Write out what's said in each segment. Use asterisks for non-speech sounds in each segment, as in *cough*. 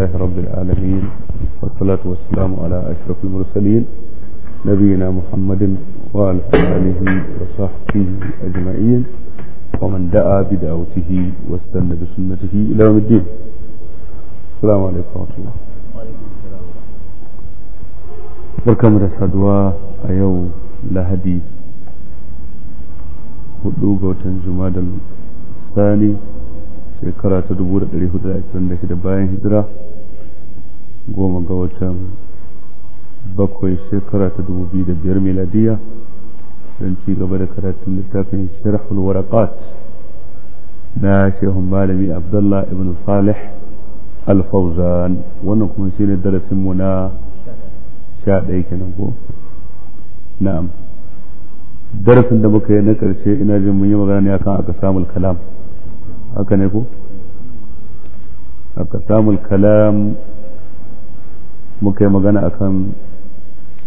لله رب العالمين والصلاة والسلام على أشرف المرسلين نبينا محمد وعلى آله وصحبه أجمعين ومن دعا بدعوته واستنى بسنته إلى يوم الدين السلام عليكم ورحمة الله barkamu da saduwa a yau lahadi hudu ga watan jumadal sani shekara دبائن هدرا goma ga watan bakwai shekara ta dubu biyu da biyar miladiya don ci gaba da karatun littafin sharhul waraqat na shehun malami abdullah ibn salih alfauzan wannan kuma shine darasinmu na sha ɗaya kenan ko na'am darasin da muka yi na ƙarshe ina jin mun yi magana ne akan aka samun kalam haka ne ko aka samun kalam muka yi magana akan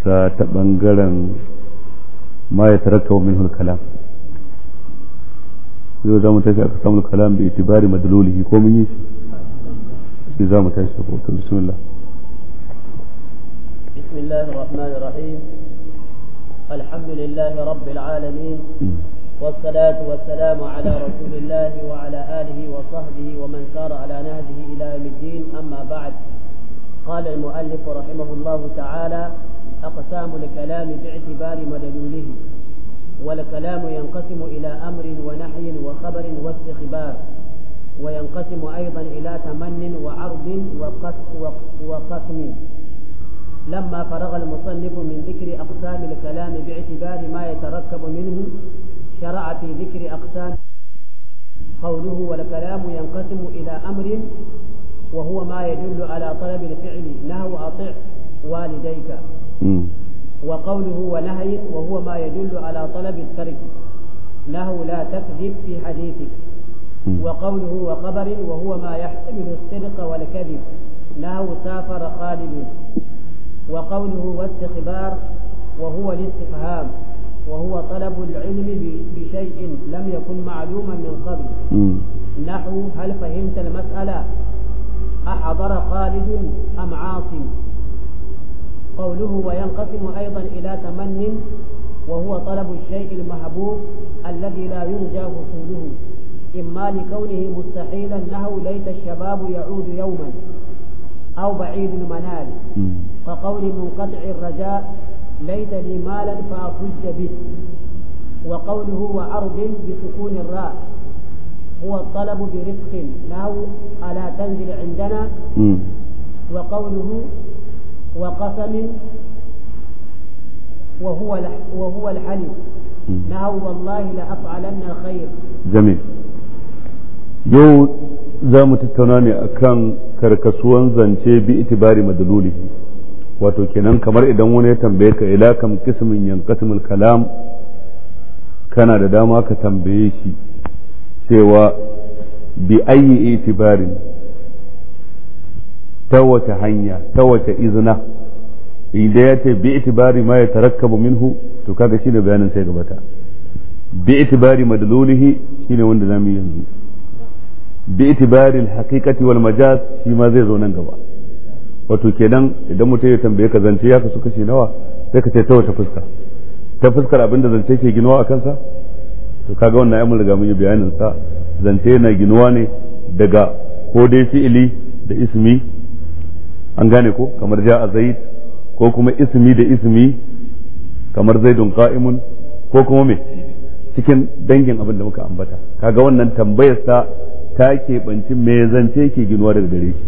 sa ta bangaren ma ya tarakka min hulkalam yau za mu tashi aka samu kalam bi itibari madalolihi ko mun yi shi za mu tashi da hoto bismillah بسم الله الرحمن الرحيم الحمد لله والصلاة والسلام على رسول الله وعلى آله وصحبه ومن سار على نهجه إلى يوم الدين أما بعد قال المؤلف رحمه الله تعالى أقسام الكلام باعتبار مدلوله والكلام ينقسم إلى أمر ونحي وخبر واستخبار وينقسم أيضا إلى تمن وعرض وقسم لما فرغ المصنف من ذكر أقسام الكلام باعتبار ما يتركب منه شرع في ذكر أقسام قوله والكلام ينقسم إلى أمر وهو ما يدل على طلب الفعل نهى أطع والديك وقوله ونهي وهو ما يدل على طلب الترك له لا تكذب في حديثك وقوله وقبر وهو ما يحتمل الصدق والكذب له سافر خالد وقوله واستخبار وهو الاستفهام وهو طلب العلم بشيء لم يكن معلوما من قبل نحو هل فهمت المسألة أحضر خالد أم عاصم قوله وينقسم أيضا إلى تمن وهو طلب الشيء المحبوب الذي لا يرجى حصوله إما لكونه مستحيلا له ليت الشباب يعود يوما أو بعيد المنال فقول منقطع الرجاء ليت لي مالا فأفج به وقوله وأرض بسكون الراء هو الطلب برفق له ألا تنزل عندنا وقوله وقسم وهو وهو الحليم له والله لأفعلن الخير جميل يو زام تتناني أكان كركسوان زنشي بإتبار مدلوله wato kenan kamar idan wani ya tambaye ka ila kam kismin yankatumul kalam kana da cewa bi ayi itibarin ta wace hanya ta wace izina idan ya ce bi itibari ma ya tarakkabu minhu to kaga shine bayanin sai gabata bi itibari madlulihi shine wanda zamu yanzu bi itibari alhaqiqati wal majaz shi ma zai zo nan gaba wato kenan idan mutum ya tambaye ka zance ya kasu kashi nawa sai ka ce ta wace fuska ta fuskar abin da zance ke ginawa a kansa to kaga wannan ya mun riga mun yi bayanin sa zance yana ginuwa ne daga ko dai fi'ili da ismi an gane ko kamar a zaid ko kuma ismi da ismi kamar zaidun qa'imun ko kuma me cikin dangin abin da muka ambata kaga wannan tambayar sa ta keɓanci me zance ke ginuwa daga gare shi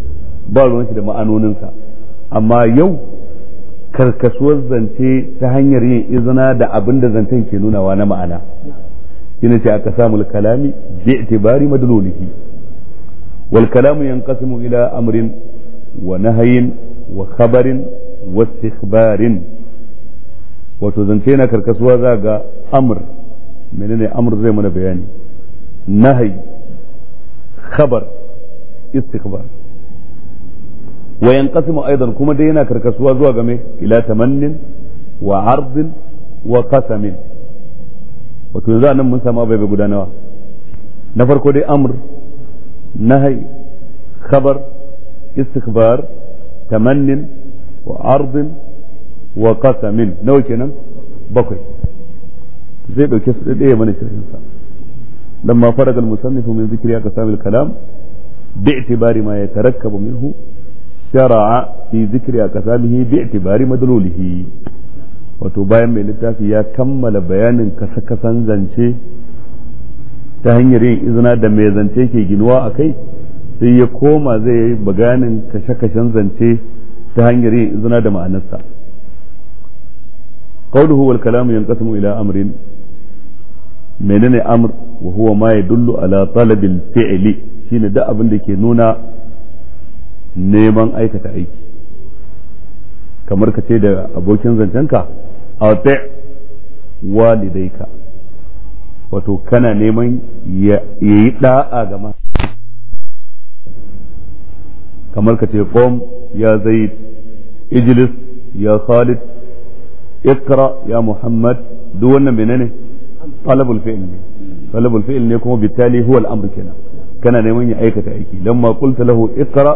ba ruwan shi da ma'anoninsa amma yau karkasuwar zance ta hanyar yin izina da abin da zancen ke nunawa na ma'ana shine ce aka samu kalami bi itibari madlulihi wal kalamu yanqasimu ila amrin wa nahyin wa khabarin wa istikhbarin wato zance na karkasuwa za ga amr menene amr zai mana bayani nahyi khabar istikhbar wa yanqasimu aidan kuma dai yana karkasuwa zuwa game ila tamannin wa ardin wa qasamin wato yanzu anan mun samu abai guda nawa na farko dai amr nahai khabar istikbar tamannin wa ardin wa qasamin nawa kenan bakwai zai dauke su ɗaya mana shirin sa lamma faraga al-musannifu min dhikri aka sami kalam باعتبار ما يتركب منه شرع في ذكر أقسامه باعتبار مدلوله wato bayan mai littafi ya kammala bayanin kasa zance ta hanyar yin izina da mai zance ke ginuwa a kai sai ya koma zai yi bayanin kashe-kashen zance ta hanyar yin izina da ma'anarsa qawluhu wal kalamu yanqasimu ila amrin menene amr wa huwa ma yadullu ala talabil fi'li shine da abin da ke nuna neman aikata aiki kamar ka ce da abokin zancenka a walidaika wato kana neman ya yi da'a ga ma kamar ka ce fom ya zaid ijilis ya khalid ikra ya muhammad duk wannan menene talabul fi'l ne talabul fi'l ne kuma bitali huwa al kenan kana neman ya aikata aiki lamma qulta lahu iqra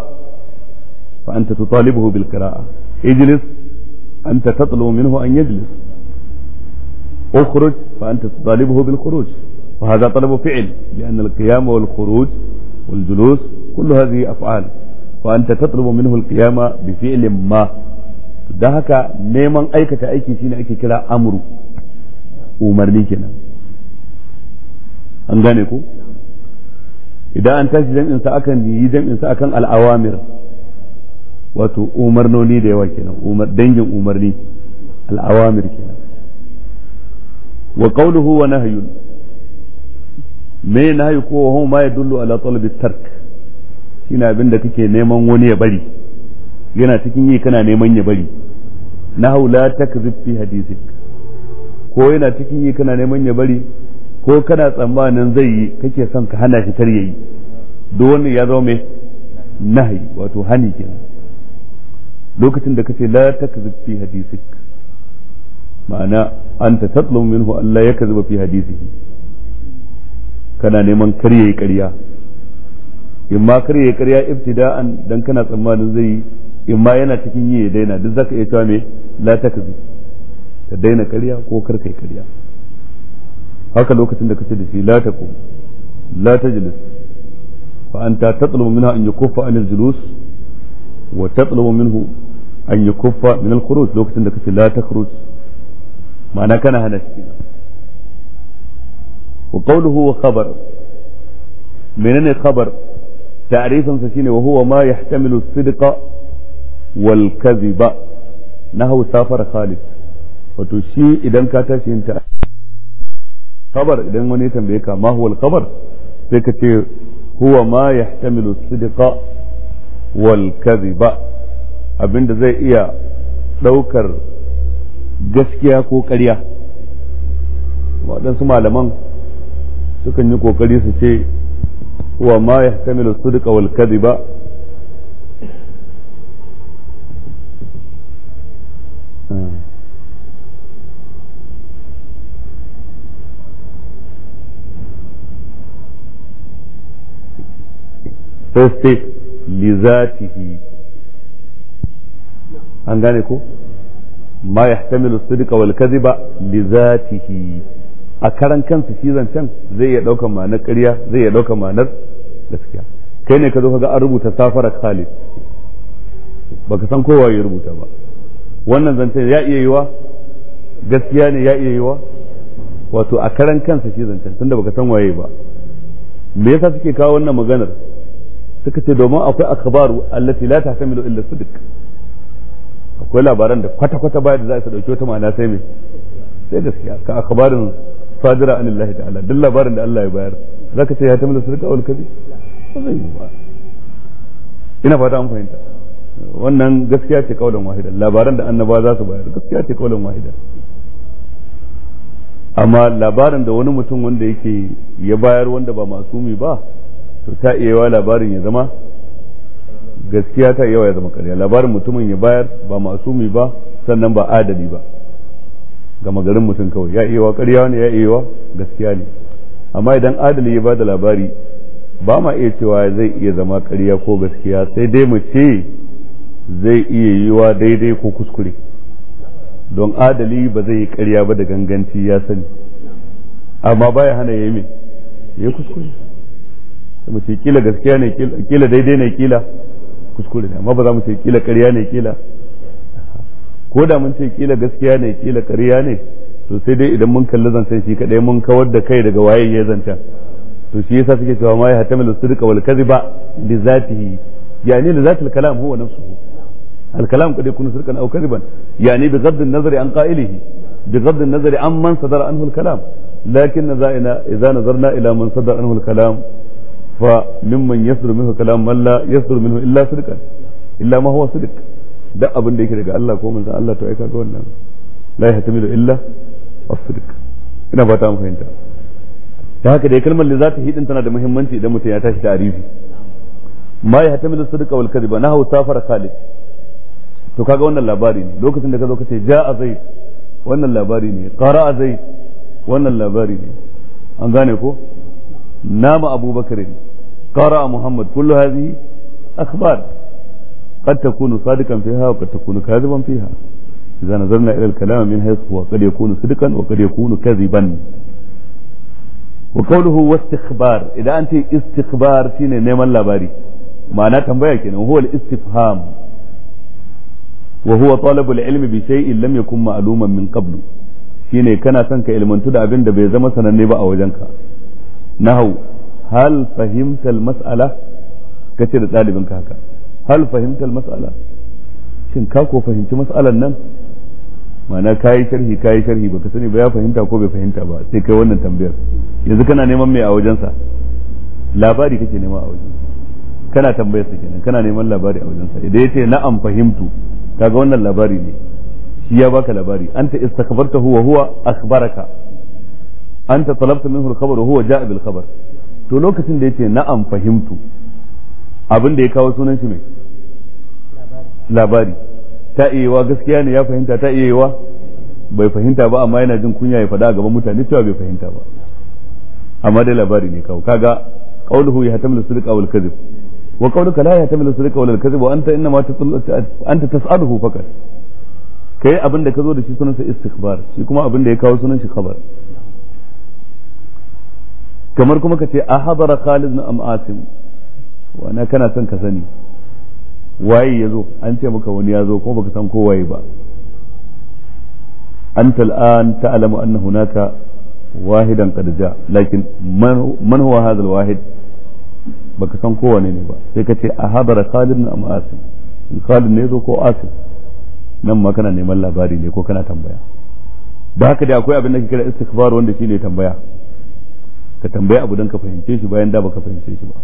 fa anta tutalibuhu bil qira'ah اجلس أنت تطلب منه أن يجلس اخرج فأنت تطالبه بالخروج وهذا طلب فعل لأن القيام والخروج والجلوس كل هذه أفعال فأنت تطلب منه القيام بفعل ما دهك haka أيك تأيكي سين ايكي كلا أمر amru umarni kenan an gane ku idan an tashi jam'in sa wato umarnoni da yawa kenan umar dangin umarni al'awamir kenan wa qawluhu wa nahyun me nahyu ko wa ma yadullu ala talabi tark shine abin da kake neman wani ya bari yana cikin yi kana neman ya bari nahu la takzib fi hadithik ko yana cikin yi kana neman ya bari ko kana tsammanin zai yi kake son ka hana shi tar yayi duk wannan ya zama mai nahi wato hani kenan lokacin da kace la takzib fi hadisik ma'ana anta tatlu minhu alla yakzib fi hadisihi kana neman karye ƙarya in ma karye ƙarya ibtida'an dan kana tsammanin zai in ma yana cikin yi ya daina duk zaka iya cewa me la takzib ka daina ƙarya ko kar kai ƙarya haka lokacin da kace da shi la taqum la tajlis fa anta tatlu minha an yakuffa anil julus wa tatlu minhu an yi kuffa min al lokacin da kace la takhruj ma'ana kana hana shi wa qawluhu khabar menene khabar ta'rifin sa shine wa huwa ma yahtamilu as-sidqa wal kadhiba nahu safar khalid wato shi idan ka tashi yin ta khabar idan wani ya tambaye ka ma huwa al-khabar sai ka ce huwa ma yahtamilu as-sidqa wal kadhiba abin da zai iya ɗaukar gaskiya ko ƙarya waɗansu malaman sukan yi ƙoƙari su ce wa ma ya tamilu su duka kadhiba sai sai li an gane ko ma yahtamilu sidqa wal kadhiba li zatihi a karan kansa shi zancen zai iya ɗaukar ma'anar ƙarya zai iya ɗaukar ma'anar gaskiya kai ne ka zo kaga an rubuta safara khalid baka san kowa ya rubuta ba wannan zancen ya iya yiwa gaskiya ne ya iya yiwa wato a karan kansa shi zancen tunda baka san waye ba me yasa suke kawo wannan maganar suka ce domin akwai akhbaru allati la tahtamilu illa sidq akwai labaran da kwata-kwata bayan da za su dauki wata ma'ana sai mai sai gaskiya ka akabarin sadira anillahi ta'ala duk labarin da Allah ya bayar ka ce ya ta mala sirka kabi ba zai yi ba ina fata an fahimta wannan gaskiya ce kaulan wahida labaran da annaba za su bayar gaskiya ce kaulan wahida amma labarin da wani mutum wanda yake ya bayar wanda ba masumi ba to ta iya yawa labarin ya zama gaskiya ta yawa ya zama ƙarya labarin mutumin ya bayar ba masumi ba sannan ba adali ba gama garin mutum kawai ya iya ƙarya ne ya iya gaskiya ne amma idan adali ya ba da labari ba ma iya cewa zai iya zama ƙarya ko gaskiya sai dai mu ce zai iya yi wa daidai ko kuskure don adali ba zai yi ƙarya ba da ganganci ya sani amma baya hana ya yi mai ya kuskure mu ce kila gaskiya ne kila daidai ne kila kuskure ne amma ba za mu ce kila ƙarya ne kila ko da mun ce kila gaskiya ne kila ƙarya ne to sai dai idan mun kalli zancen shi kaɗai mun kawar da kai daga waye ya zancen to shi yasa suke cewa ma ya hatamilu sidqa wal kadhiba li zatihi yani li zatil kalam huwa nafsuhu al kalam qad yakunu sidqan aw kadhiban yani bi ghadd an nazari an qa'ilihi bi ghadd an nazari an man sadara anhu al kalam lakin zaina idza nazarna ila man sadara anhu al kalam fa mimman yasru minhu kalam man la yasru minhu illa sidqan illa ma huwa sidq duk abin da yake daga Allah ko manzon Allah to ai kaga wannan la yahtamilu illa as ina ba ta mu fahimta da haka dai kalmar lizati hidin tana da muhimmanci idan mutum ya tashi tarihi ma ya as-sidqa wal kadhiba nahu safara khalid to kaga wannan labari ne lokacin da ka zo ka ce ja'a azai wannan labari ne qara zaid wannan labari ne an gane ko nama abubakar ne قرأ محمد كل هذه أخبار قد تكون صادقا فيها وقد تكون كاذبا فيها إذا نظرنا إلى الكلام من حيث هو قد يكون صدقا وقد يكون كذبا وقوله واستخبار إذا أنت استخبار شيني نيم لاباري معناه تنبيه كنا وهو الاستفهام وهو طالب العلم بشيء لم يكن معلوما من قبل شيني كان سنك ka ilmantu da abin da bai zama sananne نهو hal fahimtal mas'ala kace da ɗalibinka haka hal fahimtal mas'ala shin ka ko fahimci mas'alan nan ma'ana kayi sharhi kayi sharhi baka sani ba ya fahimta ko bai fahimta ba sai kai wannan tambayar yanzu kana neman mai a wajensa labari kake nema a wajen kana tambayar sa kenan kana neman labari a wajensa idan yace na'am fahimtu kaga wannan labari ne shi ya baka labari anta istakbartahu wa huwa akhbaraka anta talabta minhu al wa huwa ja'a to lokacin da ce na'am fahimtu abin da ya kawo sunan shi mai labari ta iyawa gaskiya ne ya fahimta ta iyawa bai fahimta ba amma yana jin kunya ya faɗa a gaban mutane cewa bai fahimta ba amma dai labari ne kawo kaga ya yahtamilu sidqa wal kadhib wa qauluka la yahtamilu sidqa wal kadhib wa anta inma anta tas'aluhu faqat kai abin da ka zo da shi sunan sa istikhbar shi kuma abin da ya kawo sunan shi khabar kamar kuma ka ce a habara khalid na am'asim wana kana son ka sani waye ya zo an ce maka wani ya zo kuma baka san ko waye ba anta al'an ta'lamu anna hunaka wahidan qad ja lakin man huwa hadha al-wahid baka san ko kowane ne ba sai ka ce a habara khalid na am'asim khalid ne zo ko asin nan ma kana neman labari ne ko kana tambaya ba haka da akwai abin da kira istikbar wanda shine tambaya ka tambayi abu don ka fahimce shi bayan da baka fahimce shi ba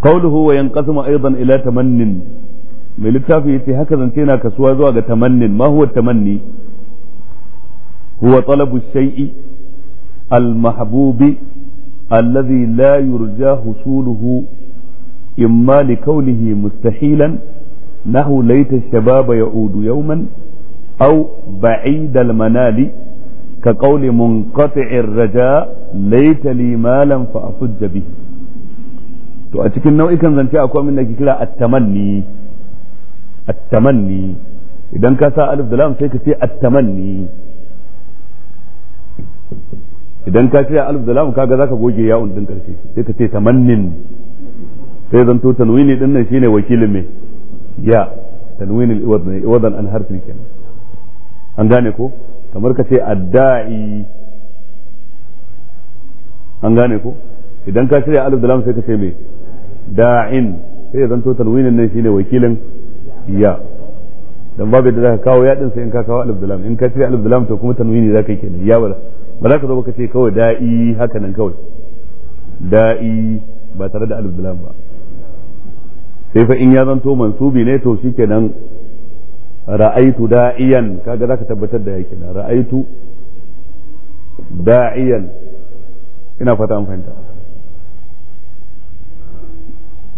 qawluhu wa yanqasimu aidan ila tamannin mai littafi yace haka zance yana kasuwa zuwa ga tamannin ma huwa tamanni huwa talabu shay'i al-mahbubi alladhi la yurja husuluhu imma likawnihi mustahilan نحو shababa الشباب يعود يوما au بعيد manali ka qawli munqati'ir raja laita li malan fa asujja bi to a cikin nau'ikan zance akwai min da ke kira at-tamanni at-tamanni idan ka sa alif da lam sai ka ce at-tamanni idan ka ce alif da lam kaga zaka goge ya'un din karshe sai ka ce tamannin sai zan zanto tanwini din nan shine wakilin me ya tanwini al-iwadan an harfi kenan an gane ko kamar ka ce adda'i an gane ko idan ka shirya alif da lam sai ka ce mai da'in sai zan to talwinin nan shine wakilin ya dan babu da zaka kawo ya din sai in ka kawo alif da lam in ka shirya alif da lam to kuma tanwini zaka yi kenan ya bala ba za ka zo ba ka ce kawai da'i haka nan kawai da'i ba tare da alif da lam ba sai fa in ya zanto mansubi ne to shikenan ra'aitu da'iyan kaga zaka tabbatar da yake na ra'aitu da'iyan ina fata an fahimta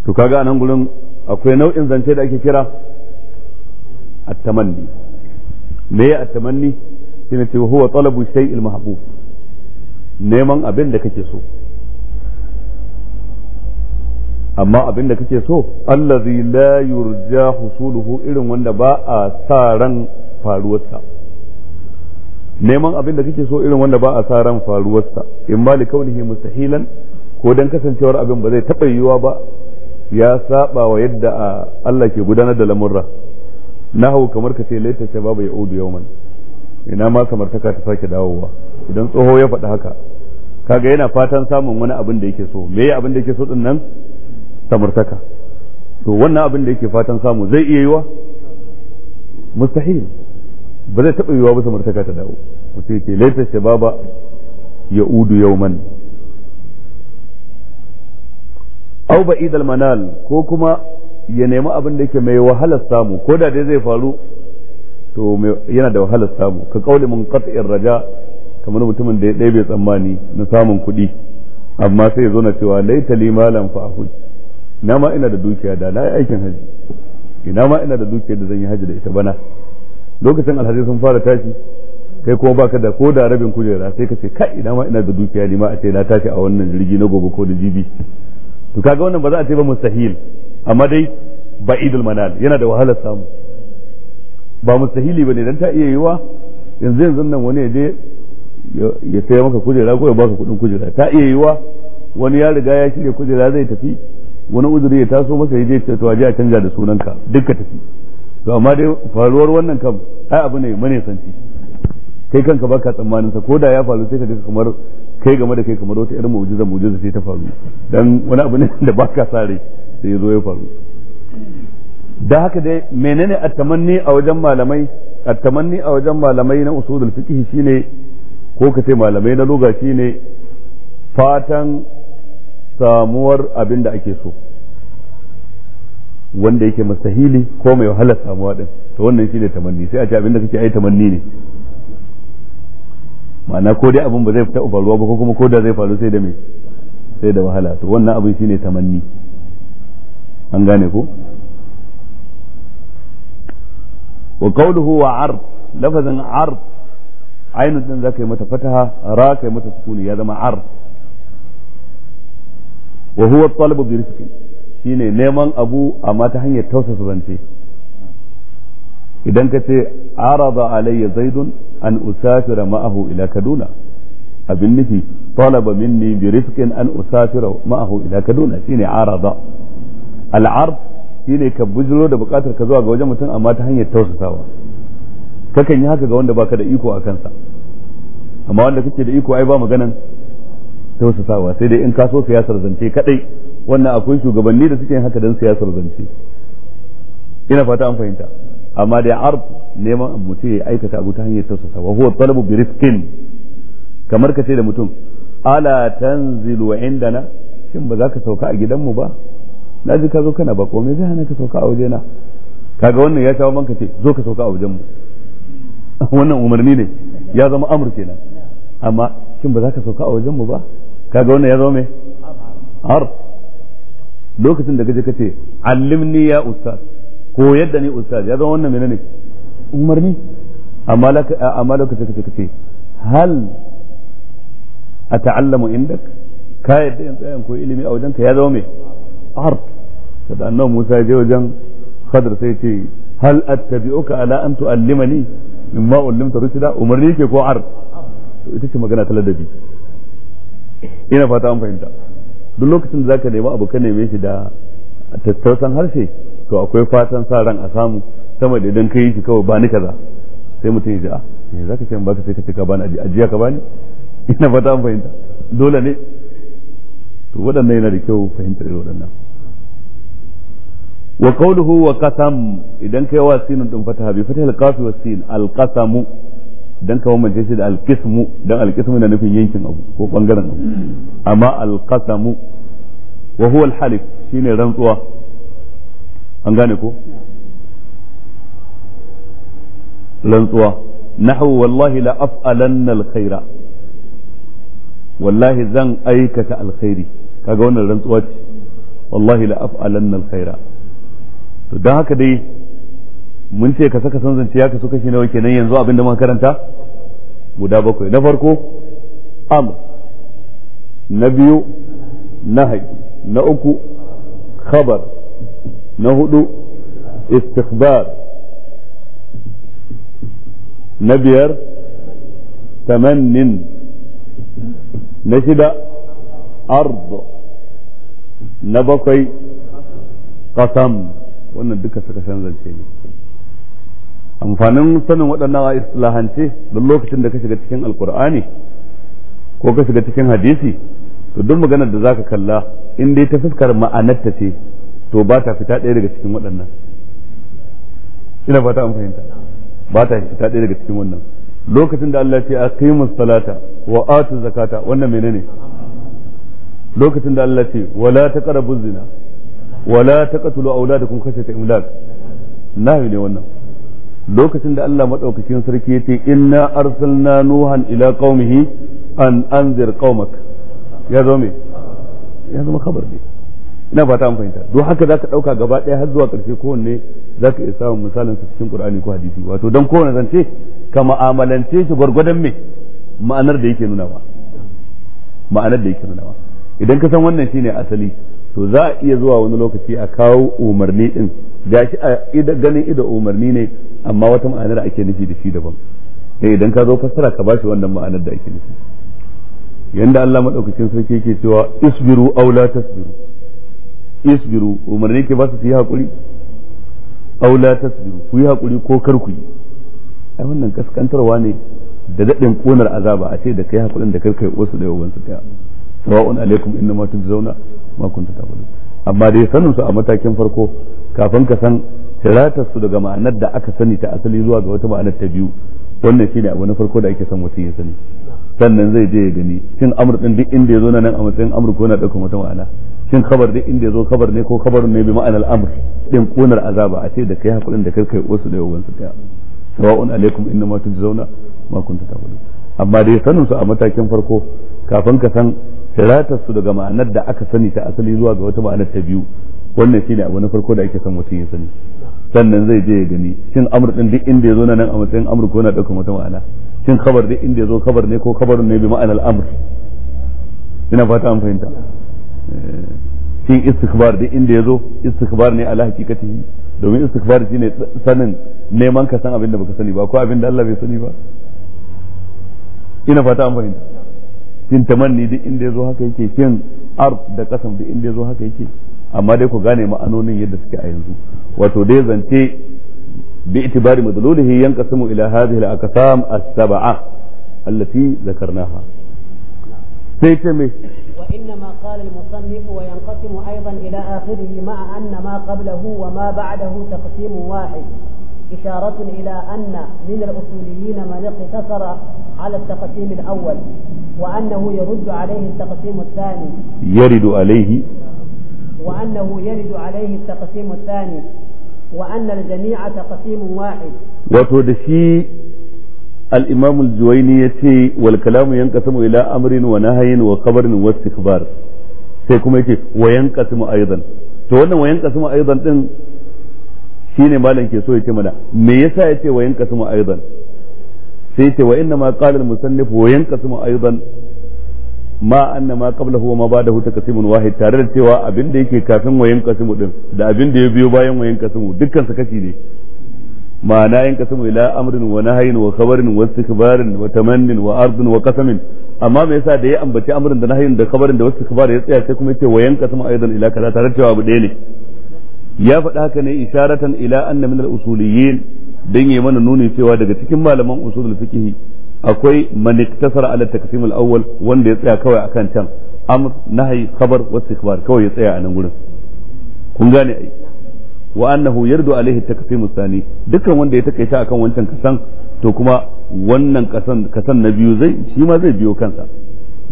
to kaga anan gurin akwai nau'in zance da ake kira at-tamanni me ya at-tamanni shine ce huwa talabu shay'il mahbub neman abin da kake so amma abin da kake so allazi la yurja husuluhu irin wanda ba a sa faruwarsa neman abin da kake so irin wanda ba a sa ran faruwarsa in ma likaunihi mustahilan ko dan kasancewar abin ba zai taɓa yiwuwa ba ya saba wa yadda Allah ke gudanar da lamurra nahu kamar ka ce laita babu ya udu yawman ina ma samartaka ta sake dawowa idan tsoho ya faɗi haka kaga yana fatan samun wani abin da yake so me abin da yake so din nan samartaka to wannan abin da yake fatan samu zai iya yiwa mustahil ba zai taɓa yiwa ba samartaka ta dawo mutum ce laifin shababa ya udu yauman au ba idal manal ko kuma ya nemi abin da yake mai wahalar samu ko da dai zai faru to yana da wahalar samu ka kauli mun qat'ir raja kamar mutumin da ya bai tsammani na samun kuɗi amma sai ya zo na cewa laita limalan fa ina ma ina da dukiya da na yi aikin haji ina ma ina da dukiya da zan yi haji da ita bana lokacin alhaji sun fara tashi kai kuma baka da ko da rabin kujera sai ka ce kai ina ma ina da dukiya ni ma a ce na tashi a wannan jirgi na gobe ko da jibi to kaga wannan ba za a ce ba mustahil amma dai ba idul manal yana da wahalar samu ba mustahili bane dan ta iya yiwa yanzu yanzu nan wani ya ya saya maka kujera ko ya baka kudin kujera ta iya yiwa wani ya riga ya shirya kujera zai tafi wani uzuri ya taso masa ya je ta a a canja da sunanka dukka tafi to amma dai faruwar wannan kam ai abu ne mane sanci kai kanka baka tsammanin sa koda ya faru sai ka ga kamar kai game da kai kamar wata irin mu'jiza mu'jiza sai ta faru dan wani abu ne *laughs* da baka sa rai sai ya zo ya faru da haka dai menene at-tamanni a wajen malamai at-tamanni a wajen malamai na usulul fiqh shine ko ka ce malamai na lugha shine fatan samuwar abin da ake so wanda yake mustahili ko mai wahala samuwa din to wannan shine tamanni sai a ce abin da kake ai tamanni ne ma'ana ko dai abin ba zai taɓa faruwa ba ko kuma ko da zai faru sai da me sai da wahala to wannan abin shine tamanni an gane ko wa qawluhu wa ar lafazin ar ainun din zaka yi mata fataha ra kai mata sukuni ya zama ar wa huwa talabu bi rizqi shine neman abu amma ta hanyar tausasa zance idan ka ce arada alayya zaidun an usafira ma'ahu ila kaduna abin nufi talaba minni bi rizqin an usafira ma'ahu ila kaduna shine arada al'ard shine ka bujiro da bukatar ka zuwa ga wajen mutum amma ta hanyar tausasawa kakan yi haka ga wanda baka da iko a kansa amma wanda kake da iko ai ba maganan tausasawa sai dai in kaso siyasar zance kadai wannan akwai shugabanni da suke haka don siyasar zance ina fata an fahimta amma da arf neman mutum ya aikata abu ta hanyar tausasawa huwa talabu bi kamar ka ce da mutum ala tanzilu indana shin ba za ka sauka a gidanmu ba na ji ka zo kana ba me zai hana ka sauka a wajena kaga wannan ya shawo manka ce zo ka sauka a wajenmu *laughs* wannan umarni ne ya zama amur kenan amma shin ba za ka sauka a wajenmu ba kaga wannan ya zo me har lokacin da gaje kace allimni ya ustaz ko yadda ni ustaz ya zama wannan menene umarni amma amma lokacin kace kace hal ata'allamu indak ka yadda in tsayan ko ilimi a wajenka ya zama me har da annabi Musa ya je wajen Khadir sai ce hal attabi'uka ala an tu'allimani mimma ullimta rushda umarni ke ko har. ita ce magana ta ladabi ina fata an fahimta duk lokacin da zaka nemi abu ka neme shi da tattausan harshe to akwai fatan sa ran a samu sama da idan kai shi kawai bani kaza sai mutum ya ji a ah, me zaka ce baka sai kace ka bani ajiya ka bani *laughs* ina fata an fahimta dole ne to waɗannan yana da kyau fahimtar waɗannan wa qawluhu wa qasam idan kai wa sinun din fataha bi fatahil qaf wa sin al qasamu dan kawo bambance shi da alqismu dan alqismu na nufin yankin abu ko bangaren abu amma alqasamu wa huwa alhalif shine rantsuwa an gane ko rantsuwa nahu wallahi la af'alanna alkhaira wallahi zan aikata alkhairi kaga wannan rantsuwa ce wallahi la af'alanna alkhaira to dan haka dai mun ce ka saka son zance ka kasu kashi nawa kenan yanzu abin da muka karanta guda bakwai na farko am na biyu nahi na uku khabar na hudu istikbar na biyar tamannin na shida arz na bakwai qasam wannan duka suka san zance ne amfanin sanin waɗannan a islahance don lokacin da ka shiga cikin alkur'ani ko ka shiga cikin hadisi to duk maganar da za ka kalla in dai ta fuskar ma'anarta ce to ba ta fita ɗaya daga cikin waɗannan ina ba an fahimta ba ta fita ɗaya daga cikin wannan lokacin da Allah ce aqimus salata wa atu zakata wannan menene lokacin da Allah ce wala taqrabu zina wala taqtulu auladakum khashyata imlak nahi ne wannan lokacin da Allah madaukakin sarki yace inna arsalna nuhan ila qaumihi an anzir qaumak ya zo me ya zama khabar ne ina fata an fahimta don haka zaka dauka gaba daya har zuwa karshe kowanne zaka iya samun misalin sa cikin Qur'ani ko hadisi wato dan kowanne zance ka mu'amalance shi gwargwadon me ma'anar da yake nunawa ma'anar da yake nunawa idan ka san wannan shine asali to za a iya zuwa wani lokaci a kawo umarni din gashi a ganin ida umarni ne amma wata ma'anar ake nufi da shi daban eh idan ka zo fassara ka bashi wannan ma'anar da ake nufi yanda Allah madaukakin sarki yake cewa isbiru aw la tasbiru isbiru umarni ke ba su yi hakuri aw la tasbiru ku yi hakuri ko kar ku yi ai wannan kaskantarwa ne da dadin konar azaba a ce da kai hakurin da kai kai wasu da yawan su daya sawa'un alaikum innama tujzauna ma kuntum ta'malun amma dai sanin su a matakin farko kafin ka san tiratar su daga ma'anar da aka sani ta asali zuwa ga wata ma'anar ta biyu wannan shine abu na farko da ake san mutum ya sani sannan zai je ya gani shin amr din duk inda ya zo nan a matsayin amr ko yana daukar wata ma'ana shin khabar duk inda ya zo khabar ne ko khabar ne bi ma'anar amr din kunar azaba a ce da kai hakurin da karkai wasu da yawan su daya sawa'un alaikum innama tujzauna ma kuntum ta'malun amma dai sanin su a matakin farko kafin ka san firatar su daga ma'anar da aka sani ta asali zuwa ga wata ma'anar ta biyu wannan shine abu na farko da ake son mutum ya sani sannan zai je ya gani shin amur din duk inda ya zo nan a matsayin amur ko na daukan wata ma'ana shin khabar duk inda ya zo khabar ne ko khabarun ne bi ma'anar amur ina fata an fahimta eh, shin istikbar duk inda ya zo istikbar ne ala hakikati domin istikbar shine sanin neman ka san abin da baka sani ba ko abin da Allah bai sani ba ina fata an fahimta shin tamanni duk inda ya zo haka yake shin ard da kasan duk inda ya zo haka yake amma dai ku gane ma'anonin yadda suke a yanzu wato dai zance bi itibari madlulihi samu ila hadhihi al-aqsam as-sab'a allati dhakarnaha سيتمي وإنما قال المصنف وينقسم أيضا إلى آخره مع أن ما قبله وما بعده تقسيم واحد إشارة إلى أن من الأصوليين من اقتصر على التقسيم الأول وأنه يرد عليه التقسيم الثاني يرد عليه وأنه يرد عليه التقسيم الثاني وأن الجميع تقسيم واحد وتدشي al-imam al-juwayni yace wal kalamu yanqasimu ila amrin wa nahyin wa khabarin wa sai kuma yace wa yanqasimu aidan to wannan wa yanqasimu aidan din shine malam ke so ce mana me yasa yace wa yanqasimu aidan sai yace wa inna ma qala al-musannif wa yanqasimu aidan ma anna ma qablahu wa ma wahid tare da cewa abin da yake kafin wayan din da abin da ya biyo bayan wayan kasimu dukkan ne ma'ana yanqasimu ila amrin wa nahyin wa khabarin wa istikbarin wa tamannin wa ardin wa qasamin amma me yasa da ya ambaci amrin da nahyin da khabarin da istikbar ya tsaya sai kuma yace wa yanqasimu aidan ila kaza tare cewa abu ɗaya ne ya faɗa haka ne isharatan ila anna min al-usuliyyin dan yi mana nuni cewa daga cikin malaman usulul fiqh akwai man iktasara ala taqsim al-awwal wanda ya tsaya kawai akan can amr nahyi khabar wa istikbar kawai ya tsaya a nan gurin kun gane ai wa annahu yardu alaihi takfimu sani dukkan wanda ya takaita akan wancan kasan to kuma wannan kasan kasan na biyu zai shi ma zai biyo kansa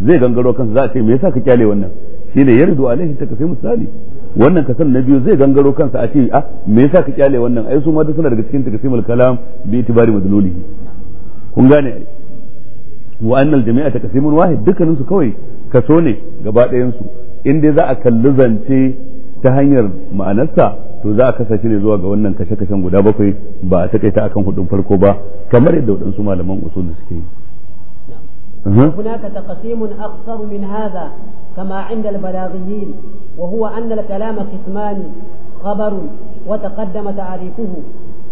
zai gangaro kansa za a ce me yasa ka kyale wannan shine yardu alaihi takfimu sani wannan kasan na biyu zai gangaro kansa a ce a ah me yasa ka kyale wannan ai su ma duk suna daga cikin takfimul kalam bi itibari madlulihi kun gane wa annal jami'a takfimun wahid dukkanin su kawai kaso ne gaba ɗayan su in dai za a kalli zance ta hanyar ma'anarsa to za a kasa ne zuwa ga wannan kashe-kashen guda bakwai ba a takaita akan hudun farko ba kamar yadda waɗansu malaman usul da suke yi هناك تقسيم أقصر من هذا كما عند البلاغيين وهو أن الكلام قسمان خبر وتقدم تعريفه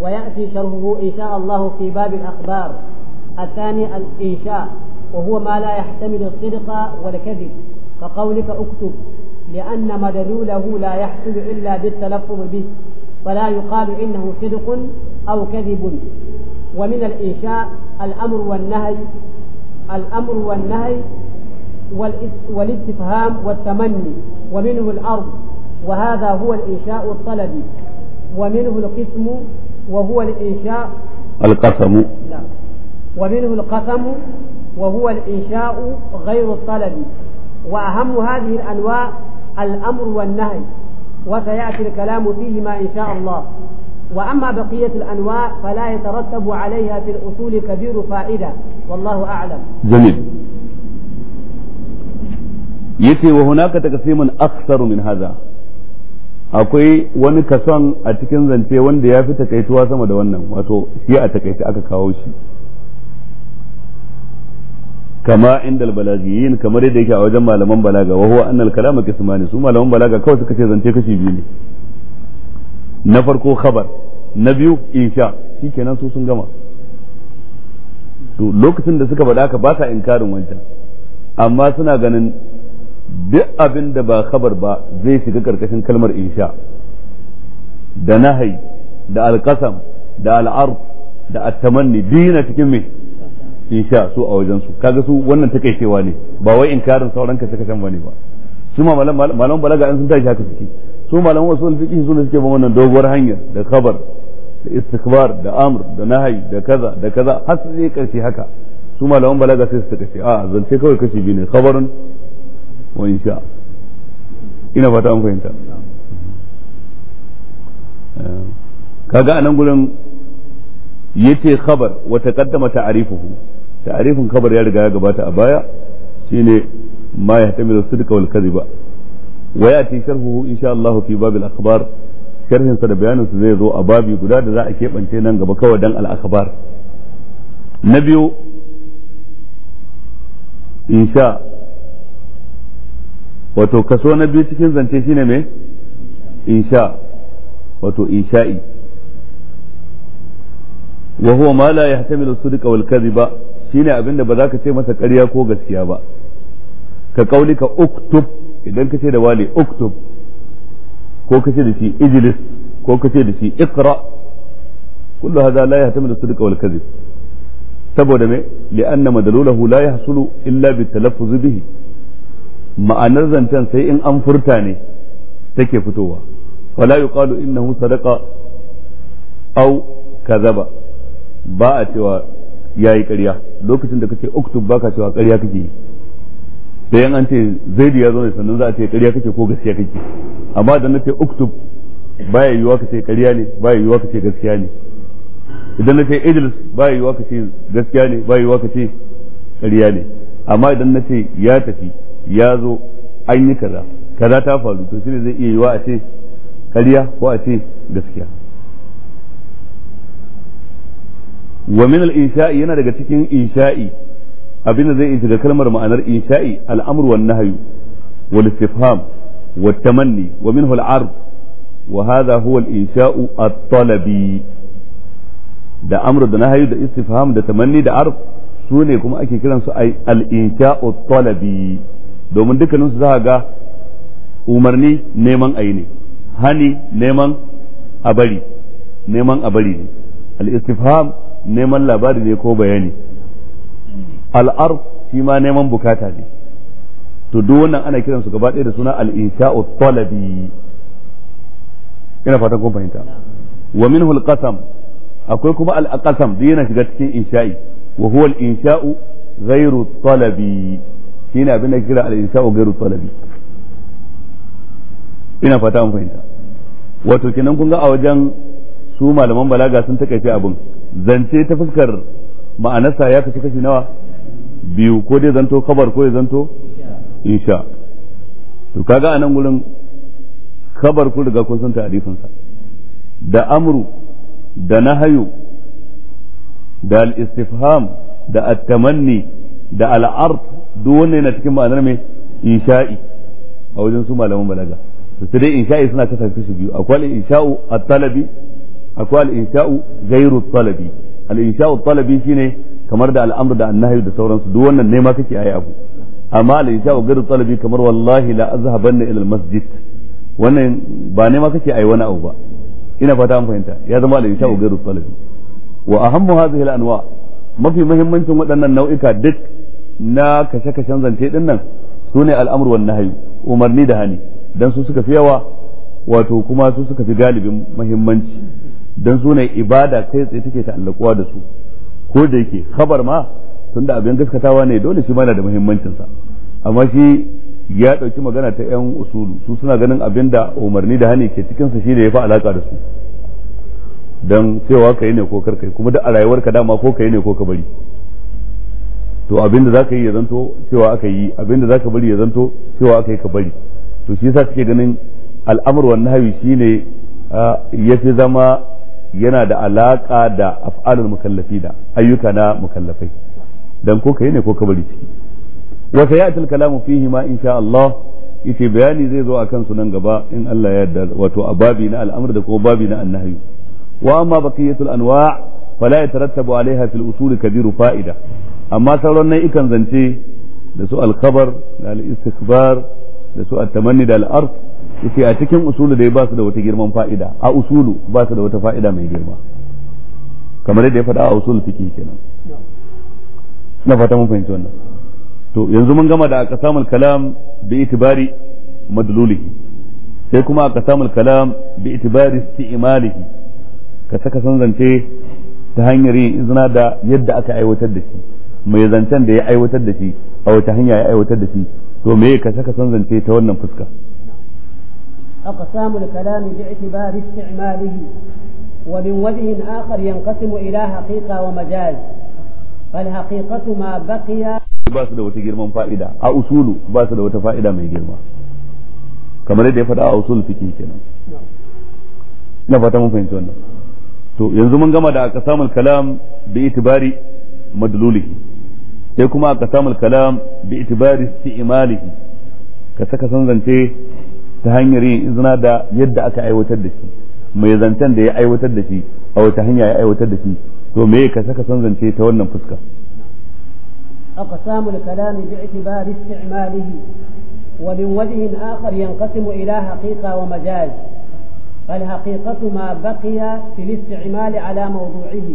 ويأتي شرحه إن شاء الله في باب الأخبار الثاني الإنشاء وهو ما لا يحتمل الصدق والكذب كقولك اكتب لأن مدلوله لا يحصل إلا بالتلفظ به فلا يقال إنه صدق أو كذب ومن الإنشاء الأمر والنهي الأمر والنهي والاستفهام والتمني ومنه الأرض وهذا هو الإنشاء الطلبي ومنه القسم وهو الإنشاء القسم لا ومنه القسم وهو الإنشاء غير الطلبي وأهم هذه الأنواع الأمر والنهي وسيأتي الكلام فيهما إن شاء الله وأما بقية الأنواع فلا يترتب عليها في الأصول كبير فائدة والله أعلم جميل يتي وهناك تقسيم أكثر من هذا akwai wani kason a cikin zance wanda ya fi takaituwa sama da wannan wato shi kama indal balagiyin kamar yadda yake a wajen malaman balaga wa huwa annal kalama qismani su malaman balaga kawai su ce zance kashi biyu ne na farko khabar na biyu insha shikenan su sun gama lokacin da suka faɗa ka ba sa inkarin wancan amma suna ganin duk abin da ba khabar ba zai shiga karkashin kalmar insha da nahai da alkasam da al'ar da attamanni dina cikin mai in sha su a wajen su kaga su wannan cewa ne ba wai inkarin sauran ka san bane ba su ma malaman balaga an sun tashi haka suke su malaman wasu alfiqi su ne suke ba wannan doguwar hanyar da kabar da istikbar da amr da nahayi da kaza da kaza har su zai karshe haka su malaman balaga sai su take a zance kawai kashi biyu ne kabarin wa insha ina fata an fahimta kaga anan gurin yace khabar wa taqaddama ta'rifuhu ta'arifin kabar ya riga ya gabata a baya shine ma ya yahtamilu sidqa wal kadhiba wa yati sharhuhu insha Allah fi babil akhbar sharhin sa da bayanin sa zai zo a babi guda da za a keɓance nan gaba kawai dan al akhbar na biyu insha wato kaso na biyu cikin zance shine me insha wato insha'i wa huwa ma la yahtamilu sidqa wal kadhiba shine abinda ba za ka ce masa ƙarya ko gaskiya ba ka kauli ka uktub idan ka ce da wali uktub ko ka ce da shi ijlis ko ka ce da shi Ikra kullu hadha la yahtamilu sidqa wal kadhib saboda me li'anna madalulahu la yahsulu illa bi talaffuz bihi ma'anar zancen sai in an furta ne take fitowa wala yuqalu innahu sadaqa aw kadhaba ba a cewa ya yi ƙarya lokacin da kace uktub baka cewa ƙarya kake yi sai yan an ce da ya zo ne sannan za a ce ƙarya kake ko gaskiya kake amma da na ce uktub baya yiwuwa ka ce ƙarya ne baya yiwuwa ka ce gaskiya ne idan na ce idris baya yiwuwa ka ce gaskiya ne baya yiwuwa ka ce ƙarya ne amma idan na ce ya tafi ya zo an yi kaza kaza ta faru to shine zai iya yiwuwa a ce ƙarya ko a ce gaskiya wa min al-insha'i yana daga cikin insha'i abinda zai yi daga kalmar ma'anar insha'i al amru wan nahyu wal istifham wat tamanni wa minhu al ard wa hadha huwa al-insha'u at-talabi da amru da nahyu da istifham da tamanni da 'ard su ne kuma ake kiran su al-insha'u at-talabi domin dukkanin su za ga umarni neman ayi ne hani neman a bari neman a bari ne al-istifham neman labari ne ko bayani al'ar shi ma neman bukata ne to duk wannan ana kiran su gaba ɗaya da suna al-insha'u talabi ina fatan kun fahimta wa min al-qasam akwai kuma al’aƙasam duk yana shiga cikin insha'i wa huwa al’insha'u gairu ghairu shi ne abin da kira al’insha'u gairu ghairu talabi ina fata an fahimta wato kenan kun ga a wajen su malaman balaga sun takaice abin zance ta fuskar ma'anarsa ya kasu kashi nawa biyu ko dai zanto kabar ko ya zanto insha to kaga anan gurin kabar ku riga kun san ta'arifinsa da amru da nahayu da al-istifham da at-tamanni da al-ard duk wannan yana cikin ma'anar mai insha'i a wajen su malaman balaga to sai dai insha'i suna kasa kashi biyu akwai insha'u at-talabi akwai al-insha'u talabi al talabi shi ne kamar da al'amru da annahi da sauransu duk wannan ne ma kake ayi abu amma al-insha'u talabi kamar wallahi la azhabanna ila al-masjid wannan ba ne ma kake ayi wani abu ba ina fata an fahimta ya zama al-insha'u talabi wa ahammu hadhihi al-anwa mafi muhimmancin waɗannan nau'ika duk na kashe-kashen zance din nan ne al'amru wan nahyi umarni da hani don su suka fi yawa wato kuma su suka fi galibin muhimmanci dan su ne ibada kai tsaye take ta allakuwa da su ko da yake khabar ma tunda abin gaskatawa ne dole shi ma yana da muhimmancin sa amma shi ya dauki magana ta yan usulu su suna ganin abin da umarni da hani ke cikin sa shine yafi alaka da su dan cewa kai ne ko karkai kuma da a rayuwarka dama ko kai ne ko ka bari to abin da zaka yi ya zanto cewa aka yi abin da zaka bari ya zanto cewa aka yi ka bari to shi yasa kake ganin al'amur wannan hawi shine ah, fi zama yana da alaƙa da af'alul mukallafi da ayyuka na mukallafai dan ko kai ne ko kabari ciki wa sayati al-kalamu fihi ma insha Allah yace bayani zai zo akan su nan gaba in Allah ya yarda wato ababi na al'amr da kuma babi na annahi wa amma baqiyatul anwa' fala yatarattabu alaiha fil usul kabiru fa'ida amma sauran nan ikan zance da su al-khabar da al-istikbar da su at-tamanni da al-arf yace a cikin usulu dai ba su da wata girman fa'ida a usulu ba su da wata fa'ida mai girma kamar yadda ya faɗa a usul fiqh kenan na fata mun fahimci wannan to yanzu mun gama da aqsamul kalam bi itibari madlulihi sai kuma aqsamul kalam bi itibari isti'malihi ka saka san zance ta hanyar yin izina da yadda aka aiwatar da shi mai zancen da ya aiwatar da shi a wata hanya ya aiwatar da shi to me ka saka san zance ta wannan fuska أقسام الكلام باعتبار استعماله ومن وجه آخر ينقسم إلى حقيقة ومجاز فالحقيقة ما بقي ba su da wata girman fa'ida a ba su da wata fa'ida mai girma kamar yadda ya faɗa a usul kenan na fata mun fahimci wannan yanzu mun gama da aqsamul kalam bi itibari sai kuma aqsamul kalam bi itibari isti'malihi ka san ta hanyar yin izina da yadda aka aiwatar da shi mai zancen da ya aiwatar da shi a wata hanya ya aiwatar da shi to me ka saka san zance ta wannan fuska أقسام الكلام باعتبار استعماله ومن وجه آخر ينقسم إلى حقيقة ومجاز فالحقيقة ما بقي في الاستعمال على موضوعه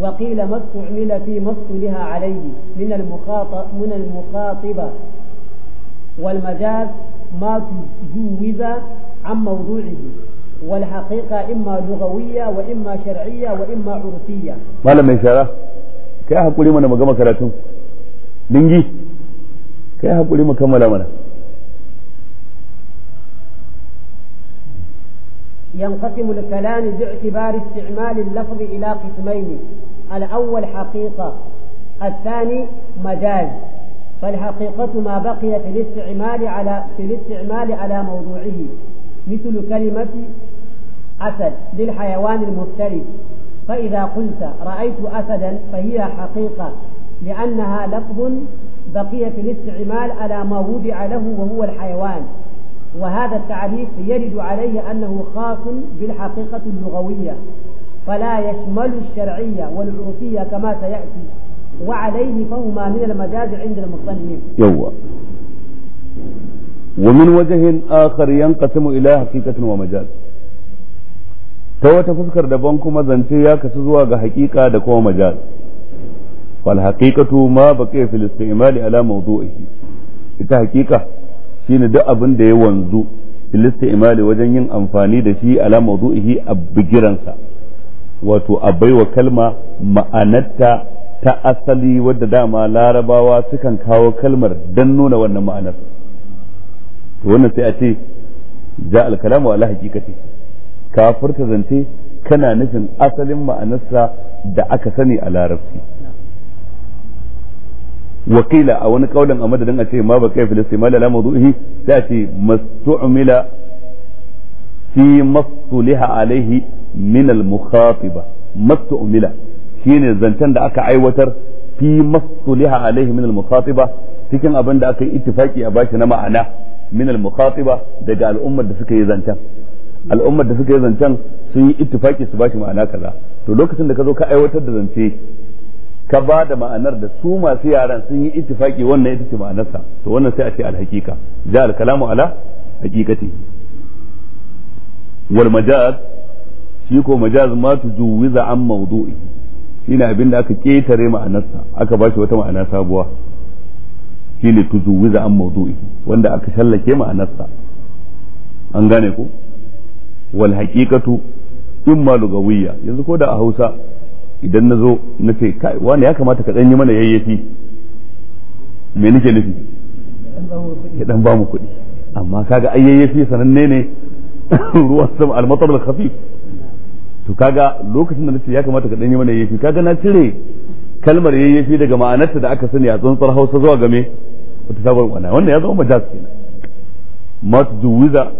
وقيل ما استعمل في ما اصطلح عليه من المخاطب من المخاطبة والمجاز ما تجوز عن موضوعه والحقيقة إما لغوية وإما شرعية وإما عرفية ما لم يشارة كيف أحقولي من مقام كراتون دنجي كي أحقولي مكمل منا ينقسم الكلام باعتبار استعمال اللفظ إلى قسمين الأول حقيقة الثاني مجاز فالحقيقة ما بقي في الاستعمال على في الاستعمال على موضوعه مثل كلمة أسد للحيوان المفترس فإذا قلت رأيت أسدا فهي حقيقة لأنها لفظ بقي في الاستعمال على ما وضع له وهو الحيوان وهذا التعريف يرد عليه أنه خاص بالحقيقة اللغوية فلا يشمل الشرعية والعرفية كما سيأتي وعليه فهما من المجاز عند المصنف يوا ومن وجه آخر ينقسم إلى حقيقة ومجاز ta wata fuskar daban kuma zance ya kasu zuwa ga hakika da kuma majal fal haqiqatu ma baqiya fil istimal ala mawdu'ihi ita hakika shine duk abin da ya wanzu fil istimal wajen yin amfani da shi ala mawdu'ihi a bigiransa wato abai wa kalma ma'anarta ta asali wadda dama larabawa sukan kawo kalmar don nuna wannan ma'anar to wannan sai a ce ja alkalamu ala hakikati ka zance kana nufin asalin ma'anarsa da aka sani a larabci wakila a wani kaulin a madadin a ce ma ba kai filistima la mawdu'i sai a ce mastu'mila fi mastuliha alaihi min al-mukhatiba mastu'mila shine zancen da aka aiwatar fi masuliha alaihi min al-mukhatiba cikin abin da aka yi ittifaki a bashi na ma'ana min al-mukhatiba daga al'ummar da suka yi zancen al'ummar da suka yi zancen sun yi ittifaki su bashi ma'ana kaza to lokacin da ka zo ka aiwatar da zance ka ba da ma'anar da su masu yaran sun yi ittifaki wannan ita ce ma'anarsa to wannan sai a ce al-haqiqa ja al-kalamu ala haqiqati wal majaz shi ko majaz ma tujuwiza an mawdu'i shine abin da aka ketare ma'anarsa aka ba shi wata ma'ana sabuwa shine tuzuwiza an mawdu'i wanda aka shallake ma'anarsa an gane ko wal haqiqatu imma lugawiyya yanzu ko da a Hausa idan na zo na ce kai wani ya kamata ka danyi mana yayyafi me nake nufi ya dan ba mu kuɗi amma kaga ayyayyafi sananne ne *laughs* ruwan sama al-matar al-khafif to kaga lokacin da nace ya kamata ka danyi mana yafi kaga na cire kalmar yayyafi daga ma'anarta da aka sani a tsantsar Hausa zuwa game wata sabuwar wannan wannan ya zama majaz kenan matjuwiza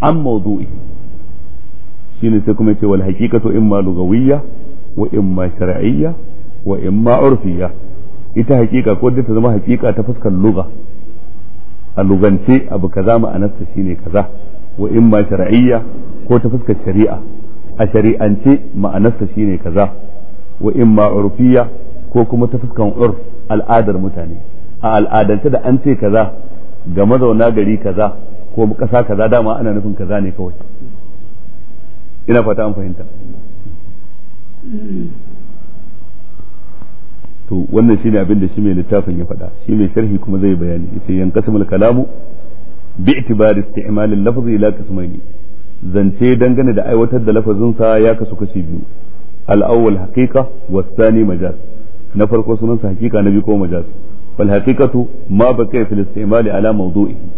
an mawdu'i shine sai kuma yace wal haqiqatu imma lugawiyya wa imma shar'iyya wa imma urfiyya ita hakika ko ta zama hakika ta fuskar lugha a lugance abu kaza ma'anarsa shine kaza wa imma shar'iyya ko ta fuskar shari'a a shari'ance ma'anarsa shine kaza wa in ma urfiya ko kuma ta fuskan urf al'adar mutane a al'adance da an ce kaza ga mazauna gari kaza ko kasa kaza dama ana nufin kaza ne kawai ina fata an fahimta to wannan shine abin da shi mai littafin ya faɗa shi mai sharhi kuma zai bayani yace yanqasimul kalamu bi'tibari isti'mal al-lafzi ila qismaini zance dangane da aiwatar da lafazin sa ya kasu kashi biyu al-awwal haqiqa was-thani majaz na farko sunansa haqiqa na biyu ko majaz fal haqiqatu ma baqiya fil istimal ala mawdu'ihi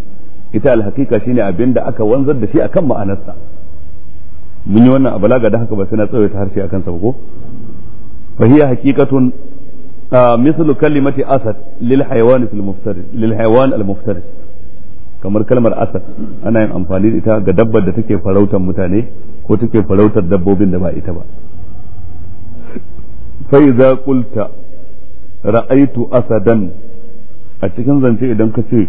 ita al-haqiqa shine abinda aka wanzar da shi akan ma'anarsa mun yi wannan abalaga da haka ba sai na ta harshe akan sa ko fa hiya haqiqatun مثل كلمة أسد للحيوان في المفترس للحيوان المفترس kamar kalmar asad ana yin amfani da ita ga dabbar da take farautar mutane ko take farautar dabbobin da ba ita ba sai za kulta ra'aitu asadan a cikin zance idan ka ce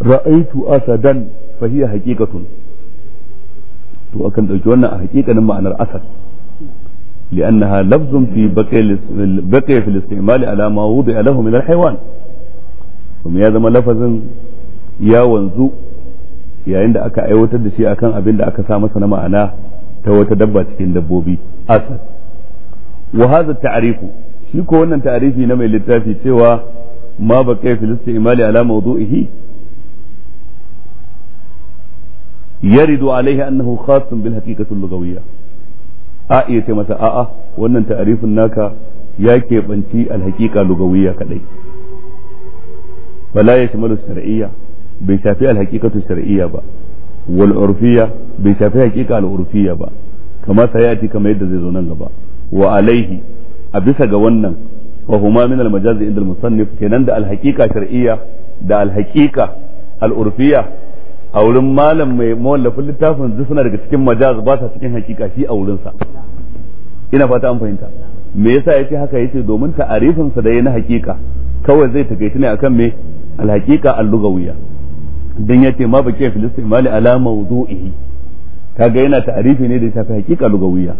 ra'aitu asadan fahiya haqiqatun to akan dauki wannan a haqiqanin ma'anar asad لأنها لفظ في بقي بقي في الاستعمال على ما وضع له من الحيوان ثم هذا لفظ ya wanzu yayin da aka aiwatar da shi akan abin da aka sa masa na ma'ana ta wata dabba cikin dabbobi asad wa hadha ta'rifu shi ko wannan ta'rifi na mai littafi cewa ma baqiya fil istimali ala mawdu'ihi yaridu alaihi annahu khassun bil haqiqati lughawiyya a iya ce masa a'a wannan ta'rifin naka ya keɓanci alhaƙiƙa kaɗai bala ya yashmalu shar'iyya bai shafi alhaqiqatu shar'iyya ba wal bai shafi haqiqa al urfiyya ba kama sayati kama yadda zai zo nan gaba wa alaihi a bisa ga wannan wa huma min al majaz inda al musannif kenan da alhaƙiƙa shar'iyya da alhaƙiƙa haqiqa al urfiyya a wurin malam mai mawallafin littafin duk suna daga cikin majaz ba sa cikin haƙiƙa shi a wurin sa ina fata an fahimta me yasa yace haka yace domin ta'arifin sa da yana haƙiƙa kawai zai takaici ne akan me al haqiqa al lugawiyya dan ce ma baqiya fil istimali ala mawdu'ihi kaga yana ta'arifi ne da ya shafi hakika lugawiyya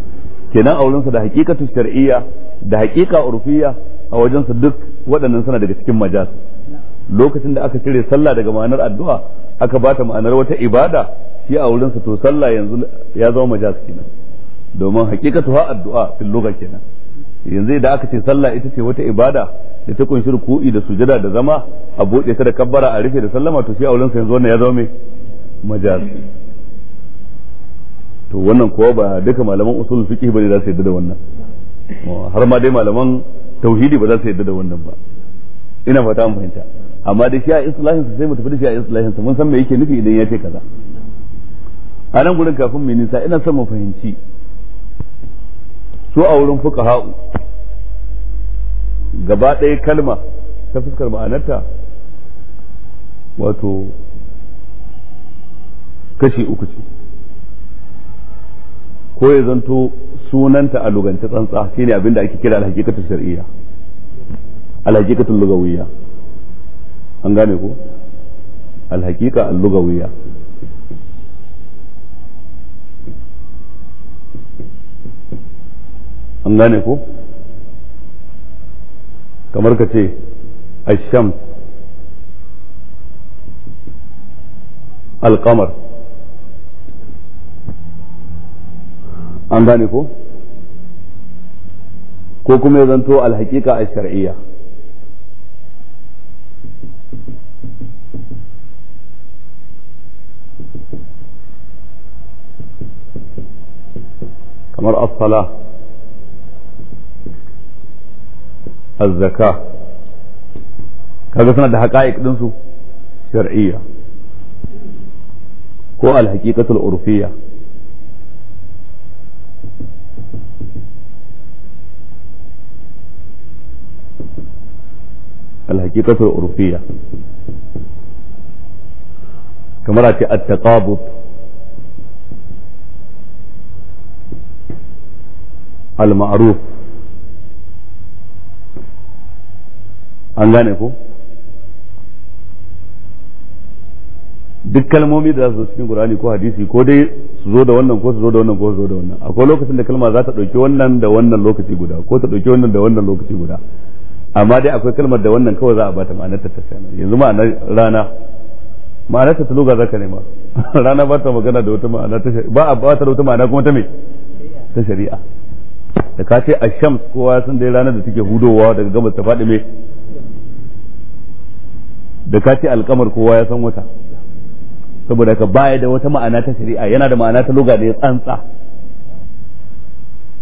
kenan a wurinsa da haqiqatu shar'iyya da hakika urfiyya a wajensa duk waɗannan suna daga cikin majaz lokacin da aka cire sallah daga ma'anar addu'a aka bata ma'anar wata ibada shi a wurinsa to sallah yanzu ya zama majaz kenan domin haqiqatu ha addu'a fil lugha kenan yanzu da aka ce sallah ita ce wata ibada da ta kunshi ruku'i da sujada da zama a buɗe ta da kabbara a rufe da sallama to shi a sa yanzu wannan ya zama mai majaz to wannan kuwa ba duka malaman usul fiqh bane za su yadda da wannan har ma dai malaman tauhidi ba za su yadda da wannan ba ina fata an fahimta amma dai shi a islahin sa sai mu tafi da shi a islahin sa mun san me yake nufi idan ya ce kaza a nan gurin kafin mai nisa ina son mu fahimci su a wurin ha'u gaba ɗaya kalma ta fuskar ma'anarta wato kashi uku ce ko ya zanto sunanta a lugance tsantsa shine abin da ake kira alhaqiqatu shari'a alhaqiqatu lugawiyya an gane ko alhakika al-lugawiyya an gane ko kamar ka ce asham alkamar an gane ko ko kuma ya zanto alhaƙiƙa a shar'iyya kamar as الزكاة كذا سنة حقائق دنسو شرعية هو الحقيقة الأوروبية الحقيقة الأوروبية كما رأتي التقابض المعروف an gane ko duk kalmomi da za su zo cikin qur'ani ko hadisi ko dai su zo da wannan ko su zo da wannan ko su zo da wannan akwai lokacin da kalma za ta dauki wannan da wannan lokaci guda ko ta dauki wannan da wannan lokaci guda amma dai akwai kalmar da wannan kawai za a bata ma'anar ta tsana yanzu ma'anar rana ma'anar ta tuluga zaka nema *laughs* rana ba ta magana da wata ma'ana ta ba a ba ta da wata ma'ana kuma ta me ta shari'a da ka ce ashams kowa sun dai ranar da take hudowa daga gabas ta faɗi me da ka ce alkamar kowa ya san wata saboda ka baya da wata ma'ana ta shari'a yana da ma'ana ta luga da ya tsantsa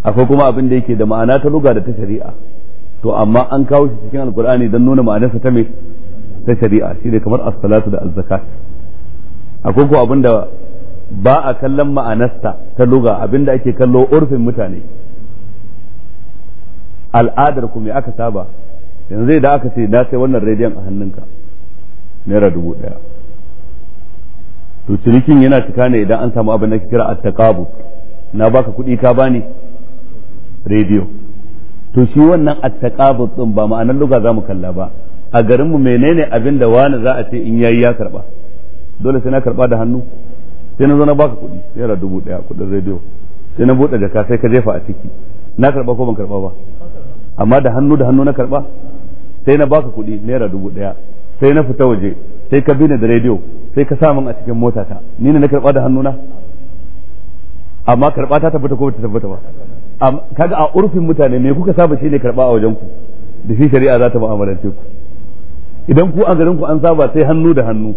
akwai kuma abin da yake da ma'ana ta luga da ta shari'a to amma an kawo shi cikin alkur'ani don nuna ma'anarsa ta me ta shari'a shi ne kamar as-salatu da az-zakat akwai ko abin da ba a kallon ma'anarsa ta luga abin da ake kallo urfin mutane al'adar ku me aka saba yanzu da aka ce na sai wannan rediyon a hannunka naira dubu ɗaya to cinikin yana cika ne idan an samu abin da kira takabu na baka kuɗi ka bani rediyo to shi wannan takabu ɗin ba ma'anar luga za mu kalla ba a garinmu menene abin da wani za a ce in yayi ya karba dole sai na karba da hannu sai na zo na baka kuɗi naira dubu ɗaya kuɗin rediyo sai na buɗe jaka sai ka jefa a ciki na karba ko ban karba ba amma da hannu da hannu na karba sai na baka kuɗi naira dubu ɗaya sai na fita waje sai ka bine da rediyo sai ka samun a cikin motata ni ne na karɓa da hannuna amma karɓa ta tabbata ko ta tabbata ba kaga a urfin mutane me kuka saba shine karɓa a wajen ku da shi shari'a za ta mu'amalance ku idan ku a garin ku an saba sai hannu da hannu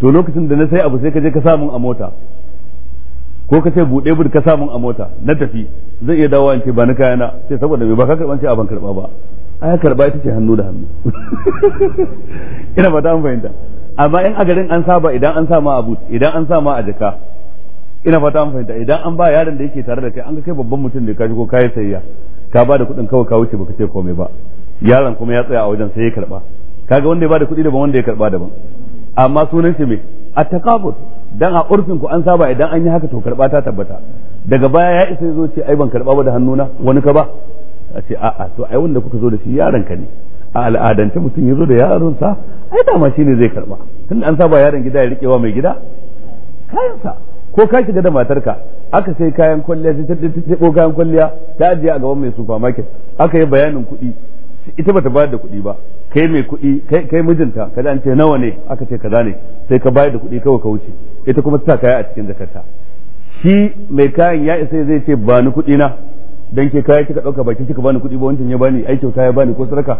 to lokacin da na sai abu sai ka je ka samun a mota ko ka ce buɗe bud ka samun a mota na tafi zai iya dawowa in ce ba ni kayana sai saboda me ba ka karɓance ce a ban karɓa ba ai karba ita ce hannu da hannu ina ba ta fahimta amma in a garin an saba idan an sama abu a idan an sama a jaka ina ba ta fahimta idan an ba yaron da yake tare da kai an ga kai babban mutum ne ka shigo kayi sayayya ka ba da kuɗin kawai ka wuce baka ce komai ba yaron kuma ya tsaya a wajen sai ya karba kaga wanda ya ba da kuɗi daban wanda ya karba daban amma sunan shi me a takabur dan a urfin ku an saba idan an yi haka to karba ta tabbata daga baya ya isa zo ce ai ban karba ba da hannuna wani ka ba a ce a'a to ai wanda kuka zo da shi yaron ka ne a al'adance mutum ya zo da yaron sa ai dama shi ne zai karba tunda an saba yaron gida ya wa mai gida kayansa ko ka shiga da matarka aka sai kayan kwalliya sai ta ko kayan kwalliya ta ajiye a gaban mai supermarket aka yi bayanin kuɗi ita bata bayar da kuɗi ba kai mai kuɗi kai mijinta da an ce nawa ne aka ce kaza ne sai ka bayar da kuɗi kawai ka wuce ita kuma ta kaya a cikin jakarta shi mai kayan ya isa zai ce ba ni kuɗi na dan ke kaya kika dauka baki kika bani kuɗi ba wancan ya bani ai kyauta ya bani ko sarka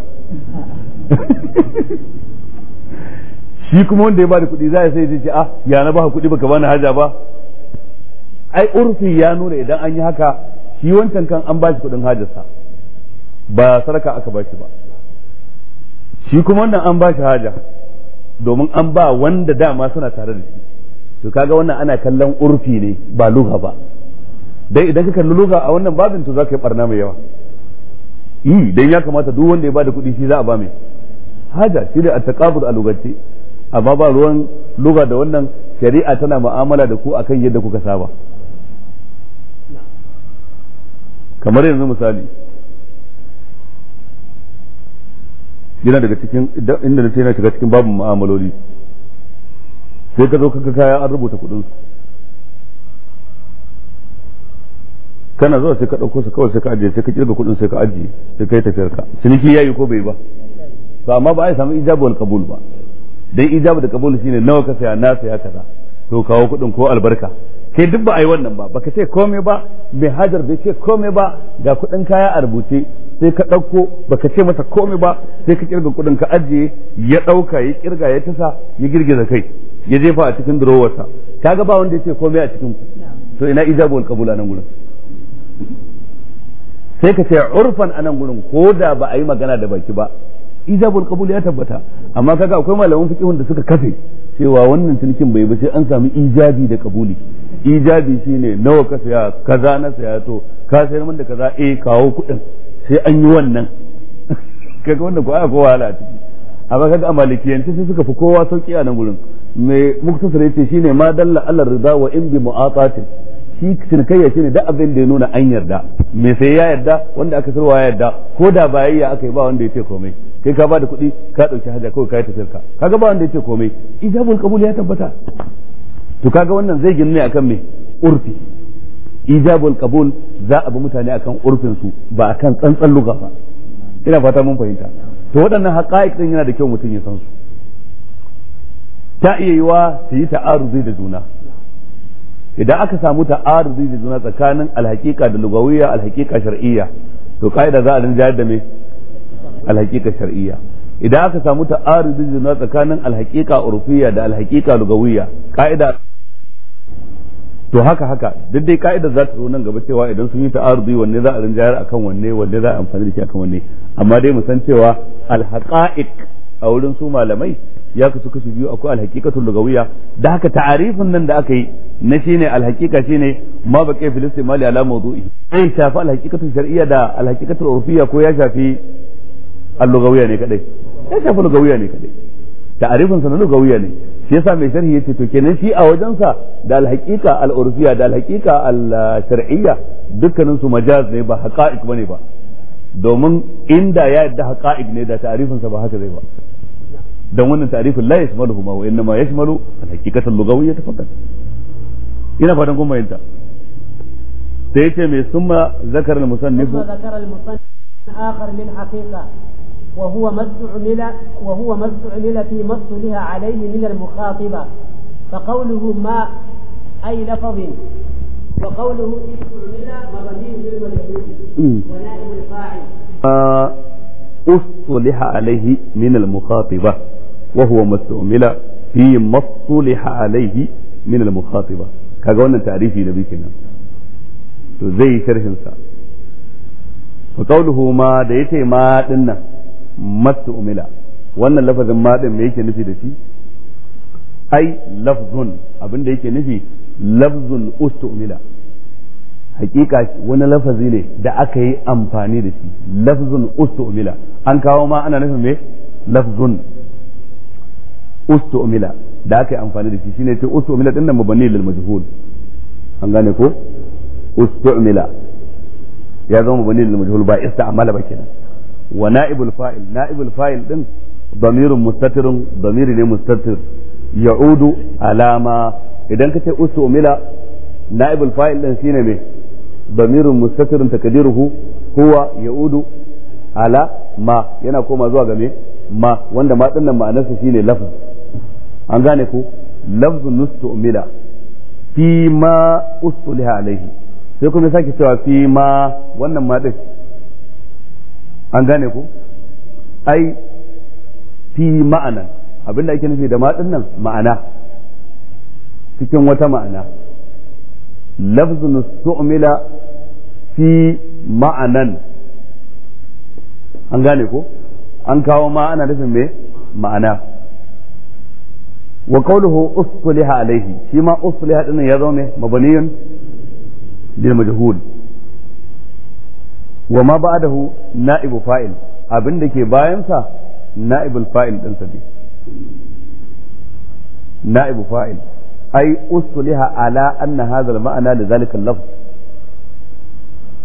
*laughs* shi kuma wanda ya bani kuɗi za a sai ya ce ah ya na baka kuɗi baka bani haja ba ai urfi ya nuna idan an yi haka shi wancan kan an bashi kuɗin hajarsa ba sarka aka bashi ba shi kuma wannan an bashi haja domin an ba wanda dama suna tare da shi to kaga wannan ana kallon urfi ne ba lugha ba dai idan ka kalli lugha a wannan babin to zaka yi barna mai yawa yi dan ya kamata duk wanda ya bada kuɗi shi za a ba mai haja shi ne at-taqabud a lugance amma ba ruwan lugha da wannan shari'a tana mu'amala da ku akan yadda kuka saba kamar yanzu misali yana daga cikin inda na ce yana shiga cikin babin mu'amaloli sai ka zo kaga kaya an rubuta kuɗin su kana zuwa sai ka ɗauko su kawai sai ka ajiye sai ka kirga kuɗin sai ka ajiye sai ka yi tafiyar ka ciniki ya yi ko bai ba to amma ba a samu ijabu wal kabul ba dan ijabu da kabul shine nawa ka saya na saya kaza to kawo kuɗin ko albarka kai duk ba a yi wannan ba baka ce komai ba bai hajar bai ce komai ba ga kuɗin kaya a rubuce sai ka ɗauko baka ce masa komai ba sai ka kirga kuɗin ka ajiye ya ɗauka ya kirga ya tasa ya girgiza kai ya jefa a cikin durowarsa kaga ba wanda ya ce komai a cikin ku to ina ijabu wal kabul a nan gurin sai ka ce urfan anan gurin ko da ba a yi magana da baki ba ijabul qabul ya tabbata amma kaga akwai malaman fiqhun da suka kafe cewa wannan cinikin bai ba sai an samu ijabi da kabuli ijabi shine nawa ka saya kaza na saya to ka sayar min da kaza eh kawo kuɗin sai an yi wannan *laughs* kaga wannan ko aka wahala a ciki amma kaga a malikiyanci sai suka fi kowa sauki a nan gurin mai muktasar yace shine ma dalla Allah rida wa in bi mu'atatin shi cinikayya ne da abin da ya nuna an yarda me sai ya yarda wanda aka sarwa ya yarda ko da bayayya aka yi ba wanda ya ce komai kai ka bada kuɗi ka ɗauki haja kawai ka yi tafiyarka kaga ba wanda ya ce komai ijabul kabul ya tabbata to kaga wannan zai gina ne akan me urfi ijabul kabul za a bi mutane akan urfin su ba akan tsantsan luga ba ina fata mun fahimta to waɗannan haƙa'iq din yana da kyau mutum ya san su ta iya yiwa su yi ta'aruzi da juna idan aka samu ta'arudi da juna tsakanin alhaqiqa da lugawiyya alhaqiqa shar'iyya to kaida za a rinjayar da me alhaqiqa shar'iyya idan aka samu ta'arudi da juna tsakanin alhaqiqa urfiyya da alhaqiqa lugawiyya kaida to haka haka duk dai kaida za ta zo nan gaba cewa idan sun yi ta'arudi wanne za a rinjayar akan wanne wanne za a amfani da shi akan wanne amma dai mu san cewa alhaqa'iq a wurin su malamai ya kasu kashi biyu akwai alhaqiqatul lugawiya da haka ta'arifin nan da aka yi na shine alhaqiqa shine ma baqiya fil istimali ala mawdu'i ai shafi alhaqiqatul shari'a da alhaqiqatul urfiyya ko ya shafi al ne kadai ya shafi lugawiyya ne kadai ta'arifin sa na lugawiyya ne shi yasa mai sharhi yace to kenan shi a wajensa da alhaqiqa al da alhaqiqa al-shar'iyya dukkanin su majaz ne ba haqa'iq bane ba domin inda ya yadda haqa'iq ne da ta'arifinsa ba haka zai ba dan wannan ta'rifin la yashmaluhu ma wa innama yashmalu al-haqiqatan lughawiyyah faqat ina fadan kun bayyanta sai yace me summa zakar al-musannif zakara al-musannif akhar min haqiqa وهو ما استعمل وهو ما استعمل في ما اصطلح عليه من المخاطبة فقوله ما أي لفظ وقوله استعمل مضمير للمجهول ونائب الفاعل أصطلح عليه من المخاطبة wa huwa mustamila fi masuliha alaihi min al kaga wannan tarihi da bikin nan to zai sharhin sa fa qawluhu ma da yace ma din nan masumila wannan lafazin ma din me yake nufi da shi ai lafzun abin da yake nufi lafzun ustumila hakika wani lafazi ne da aka yi amfani da shi lafzun ustumila an kawo ma ana nufin me lafzun ustumila da aka yi amfani da shi shine ce ustumila dinnan mabani lil majhul an gane ko ustumila ya zama mabani lil majhul ba ista'mala ba kenan wa na'ibul fa'il na'ibul fa'il din damirun mustatirun damiri ne mustatir ya'udu alama idan ka ce ustumila na'ibul fa'il din shine me damirun mustatirun takdiruhu huwa ya'udu ala ma yana koma zuwa ga me ma wanda ma dinnan ma'anarsa shine lafaz an gane ku lafzu umila fi ma usuliha alaihi sai kuma sake cewa fi ma wannan ma din an gane ku ai fi ma'anan abinda ake nufi da ma din nan ma'ana cikin wata ma'ana lafzu umila fi ma'anan an gane ku an kawo ma ana nufin me ma'ana wa qawluhu usliha alayhi shi ma usliha din ya zama ne mabniyun lil majhul wa ma ba'dahu na'ibu fa'il abinda ke bayan sa na'ibul fa'il din sa ne na'ibu fa'il ai usliha ala anna hadha al ma'ana li dhalika al lafz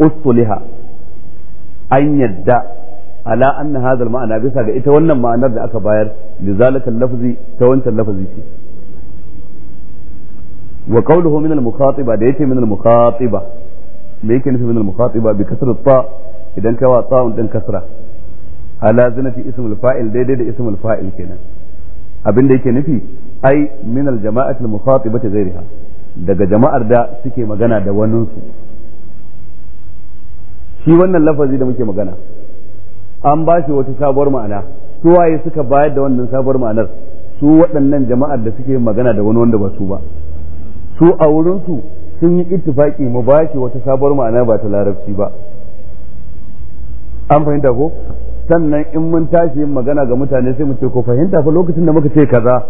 usliha an yadda ala anna hadha ma'ana bisa ga ita wannan ma'anar da aka bayar lizalika lafzi ta wancan lafazi ce wa qawluhu min al-mukhatiba da yace min al-mukhatiba me yake nufi min al-mukhatiba bi kasrat idan kai wa ta'un din kasra ala zinati ism al-fa'il daidai da ism al kenan abinda yake nufi ai min al-jama'ati daga jama'ar da suke magana da waninsu shi wannan lafazi da muke magana an ba shi wata sabuwar ma'ana su waye suka bayar da wannan sabuwar ma'anar su waɗannan jama'ar da suke magana da wani wanda ba su ba su a wurinsu sun yi ittifaki mu ba shi wata sabuwar ma'ana ba ta larabci ba an fahimta ko sannan in mun tashi yin magana ga mutane sai mu ce ko fahimta fa lokacin da muka ce kaza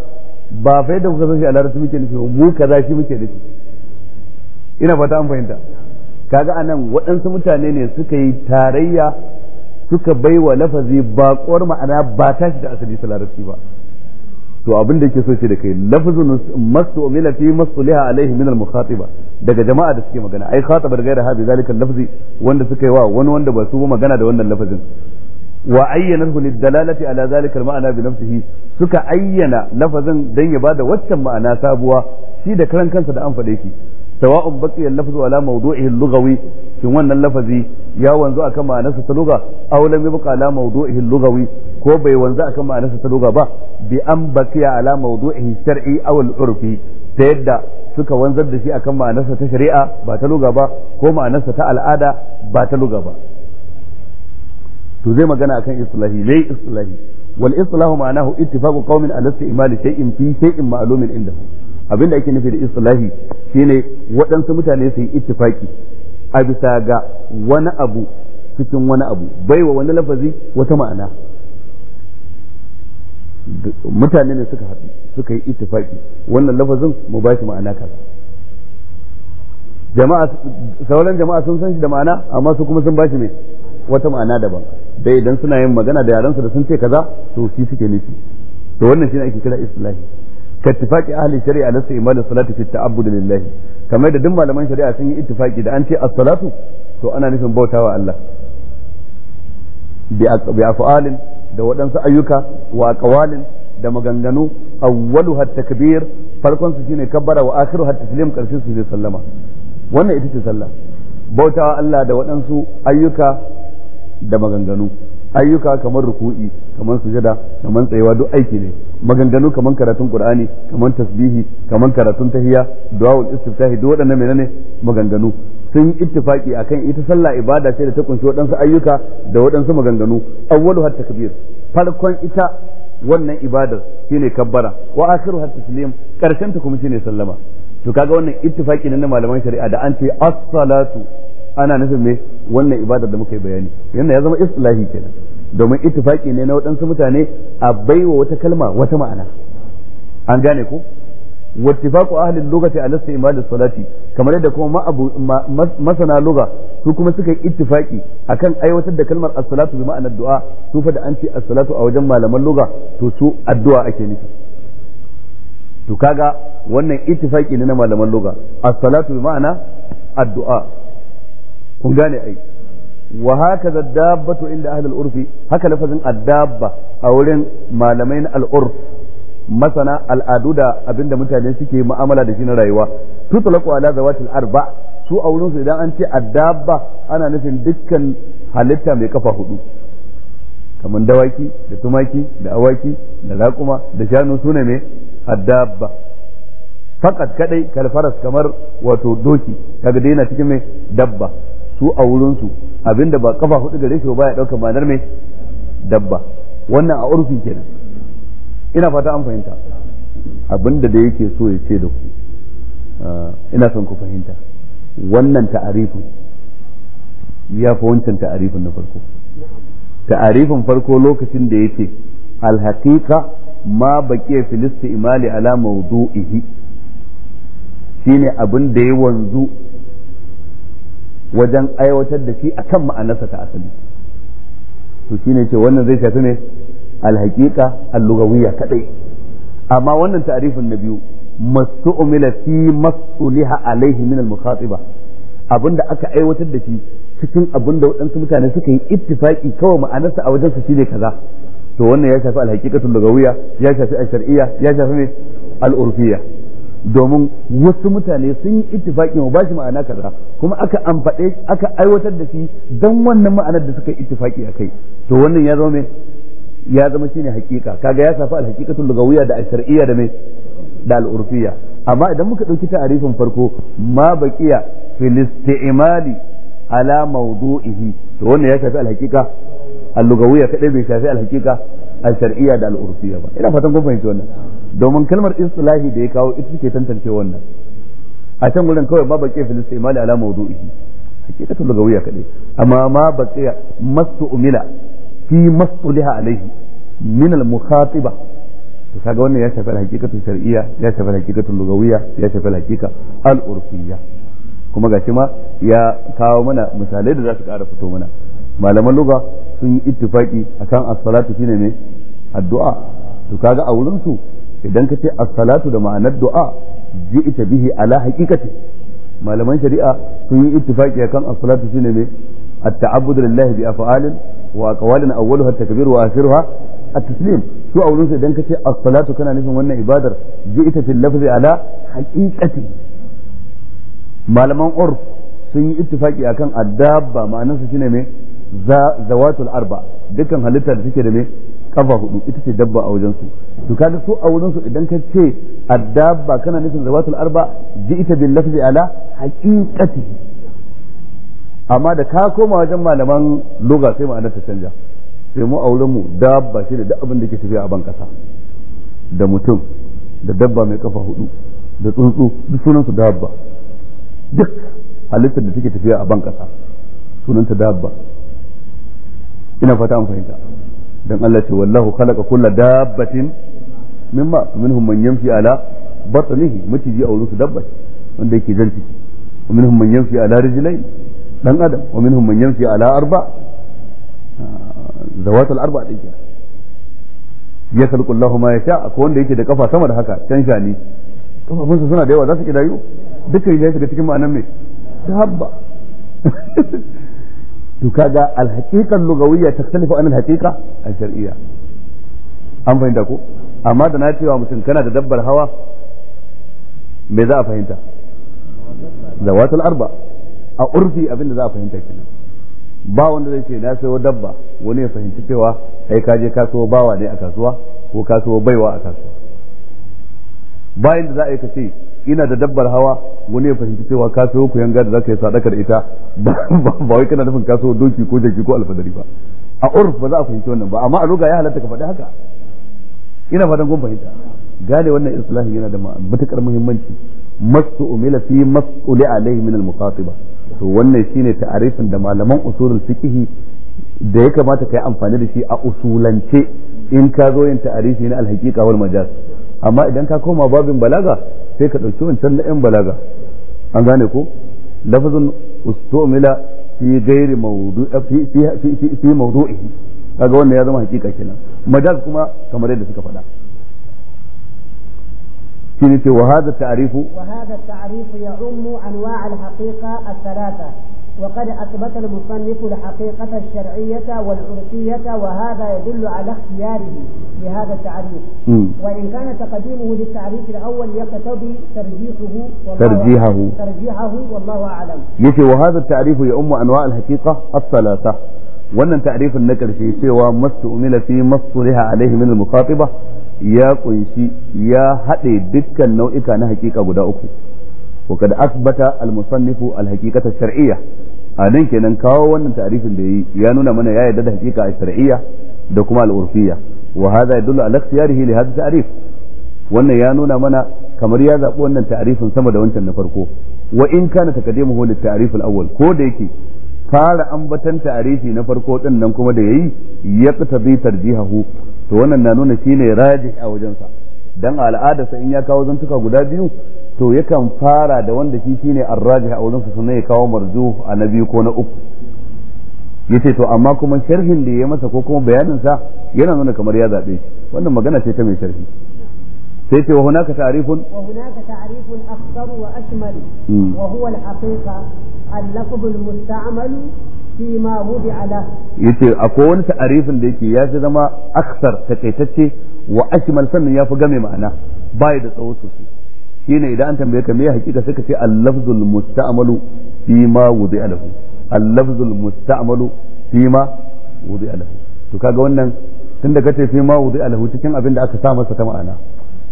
ba fa da kuka san shi a larabci muke nufi mu kaza shi muke nufi ina fata an fahimta kaga anan waɗansu mutane ne suka yi tarayya suka baiwa lafazi baƙuwar ma'ana ba ta shi da asali ta larabci ba to abin da yake so ce da kai lafazun masu umila fi masu liha alaihi min al-mukhatiba daga jama'a da suke magana ai khatabar gaira ha bi zalika lafzi wanda suka yi wa wani wanda ba su magana da wannan lafazin wa ayyanahu lidalalati ala zalika al-ma'ana bi nafsihi suka ayyana lafazin dan ya bada waccan ma'ana sabuwa shi da karan kansa da an faɗe shi sawa'un baqiya al-lafzu ala mawdu'ihi al-lughawi shin wannan lafazi ya wanzu akan ma'anarsa ta lugha aw lam yabqa ala mawdu'ihi al ko bai wanzu akan ma'anarsa ta lugha ba bi an baqiya ala mawdu'ihi shar'i aw al-urfi ta yadda suka wanzar da shi akan ma'anarsa ta shari'a ba ta lugha ba ko ma'anarsa ta al'ada ba ta lugha ba to zai magana akan islahi lai islahi wal islahu ma'anahu ittifaqu fi abin da ake nufi da islahi shine waɗansu mutane su yi ittifaki a bisa ga wani abu cikin wani abu baiwa wani lafazi wata ma'ana mutane ne suka haɗu suka yi ittifaki wannan lafazin mu ba shi ma'ana kaza jama'a sauran jama'a sun san shi da ma'ana amma su kuma sun ba shi mai wata ma'ana daban dai idan suna yin magana da yaransu da sun ce kaza to shi suke nufi to wannan shine ake kira islahi kattifaki ahli shari'a lasu imalu salati fi ta'abbud lillahi kamar da duk malaman shari'a sun yi ittifaki da an ce as-salatu to ana nufin bautawa Allah da waɗansu ayyuka wa aqwalin da maganganu awwalu hat takbir farkon su shine kabbara wa akhiru hat taslim karshen su ne sallama wannan ita ce sallah bautawa Allah da waɗansu ayyuka da maganganu ayyuka kamar ruku'i kamar sujada kamar tsayawa duk aiki ne maganganu kamar karatun qur'ani kamar tasbihi kamar karatun tahiyya du'aul istiftahi duk waɗannan menene maganganu sun ittifaki akan ita sallah ibada ce da ta kunshi waɗansu ayyuka da waɗansu maganganu awwalu har takbir farkon ita wannan ibadar shine kabbara wa akhiru har taslim karshen ta kuma shine sallama to kaga wannan ittifaki ne na malaman shari'a da an ce as-salatu ana nufin me wannan ibadar da muka yi bayani yanda ya zama islahi kenan domin ittifaki ne na waɗansu mutane a baiwa wata kalma wata ma'ana an gane ko wattifaqu ahli al ala istimal salati kamar yadda kuma masana lugha su kuma suka yi ittifaki akan aiwatar da kalmar as-salatu bi ma'anar du'a su fa da an ce as-salatu a wajen malaman lugha to su addu'a ake nufi to kaga wannan ittifaki ne na malaman loga as-salatu bi ma'ana addu'a kun gane ai wa da dabbatu inda ahli al-urfi haka lafazin addabba a wurin malamai na al-urf masana al'adu da abinda mutane suke mu'amala da shi na rayuwa tutlaqu ala zawatil arba su a wurin su idan an ce addabba ana nufin dukkan halitta mai kafa hudu kamar dawaki da tumaki da awaki da raƙuma da shanu sune ne addabba fakat kadai kalfaras kamar wato doki kaga dai yana cikin mai dabba su a wurinsu abinda ba kafa hudu gare shi ba ya ɗauka ma'anar mai dabba wannan a urfi kenan ina fata an fahimta abinda da yake so ya ce da ku eh, ina son ku fahimta wannan ta'arifin ya fi wancan ta'arifin na farko ta'arifin farko lokacin da ya ce alhaƙiƙa ma baƙiya filista imali ala mawdu'ihi shine abin da ya wanzu wajen aiwatar da shi akan ma'anarsa ta asali to shine ce wannan zai shafi ne alhaqiqa al kadai amma wannan ta'rifin na biyu mastu'mila fi mas'uliha alaihi min al-mukhatiba abinda aka aiwatar da shi cikin abinda waɗansu mutane suka yi ittifaki kawai ma'anarsa a wajen su shine kaza to wannan ya shafi alhaqiqatul lughawiyya ya shafi al-shar'iyya ya shafi al-urfiyya domin wasu mutane sun yi ittifaqi ma bashi ma'ana kaza kuma aka amfade aka aiwatar da shi dan wannan ma'anar da suka yi ittifaqi akai to wannan ya zama me ya zama shine hakika kaga ya safi al lugawiyya da da me da al'urfiyya amma idan muka dauki ta'arifin farko ma baqiya fil isti'mali ala mawdu'ihi to wannan ya shafi al al-lugawiyya kadai bai shafi al-haqiqa da al'urfiyya ba ina fatan kun fahimci wannan domin kalmar istilahi da ya kawo ita suke tantance wannan a can gudun kawai ba baqiya fil istimali ala mawdu'ihi hakikatul wuya kadai amma ma baqiya masu umila fi mastuliha alaihi min al mukhatiba to kaga wannan ya shafi hakikatul shar'iyya ya shafi hakikatul lugawiyya ya shafi hakika al urfiyya kuma gashi ma ya kawo mana misalai da za su kara fito mana malaman luga sun yi ittifaki akan as-salatu shine ne addu'a to kaga a wurin su idan ka ce as-salatu da ma'anar du'a ita bihi ala haqiqati malaman shari'a sun yi ittifaqi akan as-salatu shine me at-ta'abbudu lillahi bi af'alin wa aqwalin awwaluha at-takbir wa akhiruha at-taslim su a wurin idan ka ce as-salatu kana nufin wannan ibadar ita fil lafzi ala haqiqati malaman urf sun yi ittifaqi akan addaba ma'anarsa shine me zawatul arba dukkan halitta da suke da me kafa hudu ita ce dabba a wajen su to kaga su a wurin su idan ka ce addabba kana nufin zawatul arba bi ita bil lafzi ala haqiqati amma da ka koma wajen malaman lugha sai ma'anar ta canja sai mu a wurin mu dabba shi da abin da ke tafiya a ban da mutum da dabba mai kafa hudu da tsuntsu duk sunan su dabba duk halittar da take tafiya a ban kasa sunanta dabba ina fata an fahimta dan Allah ce wallahu khalaqa kulla dabbatin mimma minhum man yamshi ala batnihi a wurin su wanda yake jan wa minhum man yamshi ala dan adam wa minhum man yamshi ala arba ah, zawat al arba ya Allahu ma yasha wanda yake da kafa sama da haka can shani suna da yawa za su kidayu dukkan ya shiga cikin ma'anar mai dabba *laughs* to kaga alhaqiqa lugawiyya taktalifu an alhaqiqa alshar'iyya an fahimta ko amma da na cewa mutum kana da dabbar hawa me za a fahimta zawatul arba a urfi abin da za a fahimta kenan ba wanda zai ce na sayo dabba wani ya fahimci cewa kai ka je kasuwa bawa ne a kasuwa ko kasuwa baiwa a kasuwa bayan da za a yi ka ce ina da dabbar hawa wani ya fahimci cewa ka sayo ku yanga da zaka yi sadaka da ita ba wai kana nufin ka sayo doki ko jaki ko alfadari ba a urf ba za a fahimci wannan ba amma a ruga ya halatta ka faɗi haka ina fatan kun fahimta gane wannan islahi yana da matukar muhimmanci masu umila fi mas'uli alaihi min al-muqatiba to wannan shine ta'arifin da malaman usulul fiqh da ya kamata ka yi amfani da shi a usulance in ka zo yin ta'arifi na al-haqiqa wal majaz amma idan ka koma babin balaga sai ka ɗauki wancan na 'yan balaga an gane ko lafazin ustomila fi gairi eh, fi mawdu'i kaga wannan ya zama hakika kenan majaz kuma kamar yadda suka faɗa shine ce wa hada ta'rifu wa hadha ta'rifu ya'ummu anwa' al-haqiqa ath وقد أثبت المصنف الحقيقة الشرعية والعرفية وهذا يدل على اختياره لهذا التعريف وإن كان تقديمه للتعريف الأول يقتضي ترجيحه ترجيحه ترجيحه والله أعلم يشي وهذا التعريف يؤم أنواع الحقيقة الثلاثة wannan ta'rifin na ƙarshe cewa masu umila fi masu riha alaihi min al ya kunshi ya haɗe dukkan nau'ika na hakika guda uku وقد أثبت المصنف الحقيقة a nan kenan kawo wannan ta'arifin da yi ya nuna mana ya yarda da hakika a shar'iyya da kuma al'urfiyya wa hadha yadullu ala ikhtiyarihi li hadha ta'rif wannan ya nuna mana kamar ya zabi wannan ta'arifin sama da wancan na farko wa in kana taqdimuhu lit ta'rif al-awwal ko da yake fara ambatan ta'arifi na farko din nan kuma da ya yayi yaqtadi tarjihahu to wannan na nuna shi ne shine raji a wajensa dan a al'adarsa in ya kawo zantuka guda biyu to yakan fara da wanda shi shine arraji a wurin su ya kawo marzu a na biyu ko na uku yace to amma kuma sharhin da ya masa ko kuma bayanin sa yana nuna kamar ya zabe wannan magana ce ta mai sharhi sai ce wa hunaka ta'rifun wa hunaka ta'rifun akthar wa ashmal hmm. wa huwa al-haqiqa al-lafz al-musta'mal fi ma wudi'a lahu yace akwai wani ta'rifin da yake ya fi zama akthar takaitacce wa ashmal sannan ya fi game ma'ana bai da tsawo sosai shine idan an tambaye ka me hakika sai ka ce al-lafzul musta'malu fi ma wudi'a lahu al-lafzul musta'malu fi ma wudi'a lahu to kaga wannan tunda kace fi ma wudi'a lahu cikin abin da aka sa masa ta ma'ana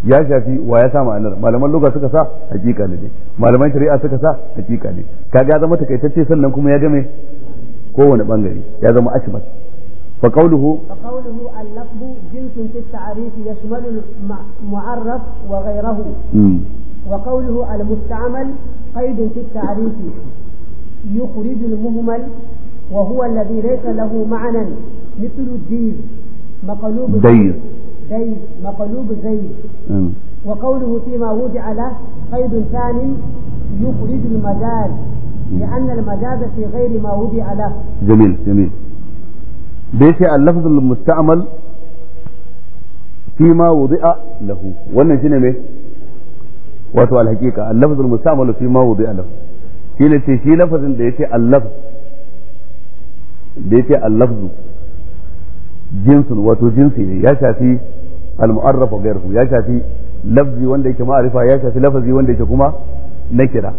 ya shafi wa ya sa ma'anar malaman lugha suka sa hakika ne malaman shari'a suka sa hakika ne kaga ya zama takaitacce sannan kuma ya game kowane bangare ya zama ashbas فقوله فقوله اللفظ جنس في التعريف يشمل المعرف وغيره وقوله المستعمل قيد في التعريف يخرج المهمل وهو الذي ليس له معنى مثل الدير مقلوب دير دير مقلوب زيد وقوله فيما وضع له قيد ثان يخرج المجاز لأن المجاز في غير ما وضع له جميل جميل da yace al-lafzul musta'mal fi ma wudi'a lahu wannan shine me wato al-haqiqa al-lafzul fi ma wudi'a lahu shine ce shi lafazin da yace al-lafz da yace al wato ne ya shafi al-mu'arraf wa ya shafi lafzi wanda yake ma'arifa ya shafi lafazi wanda yake kuma na kira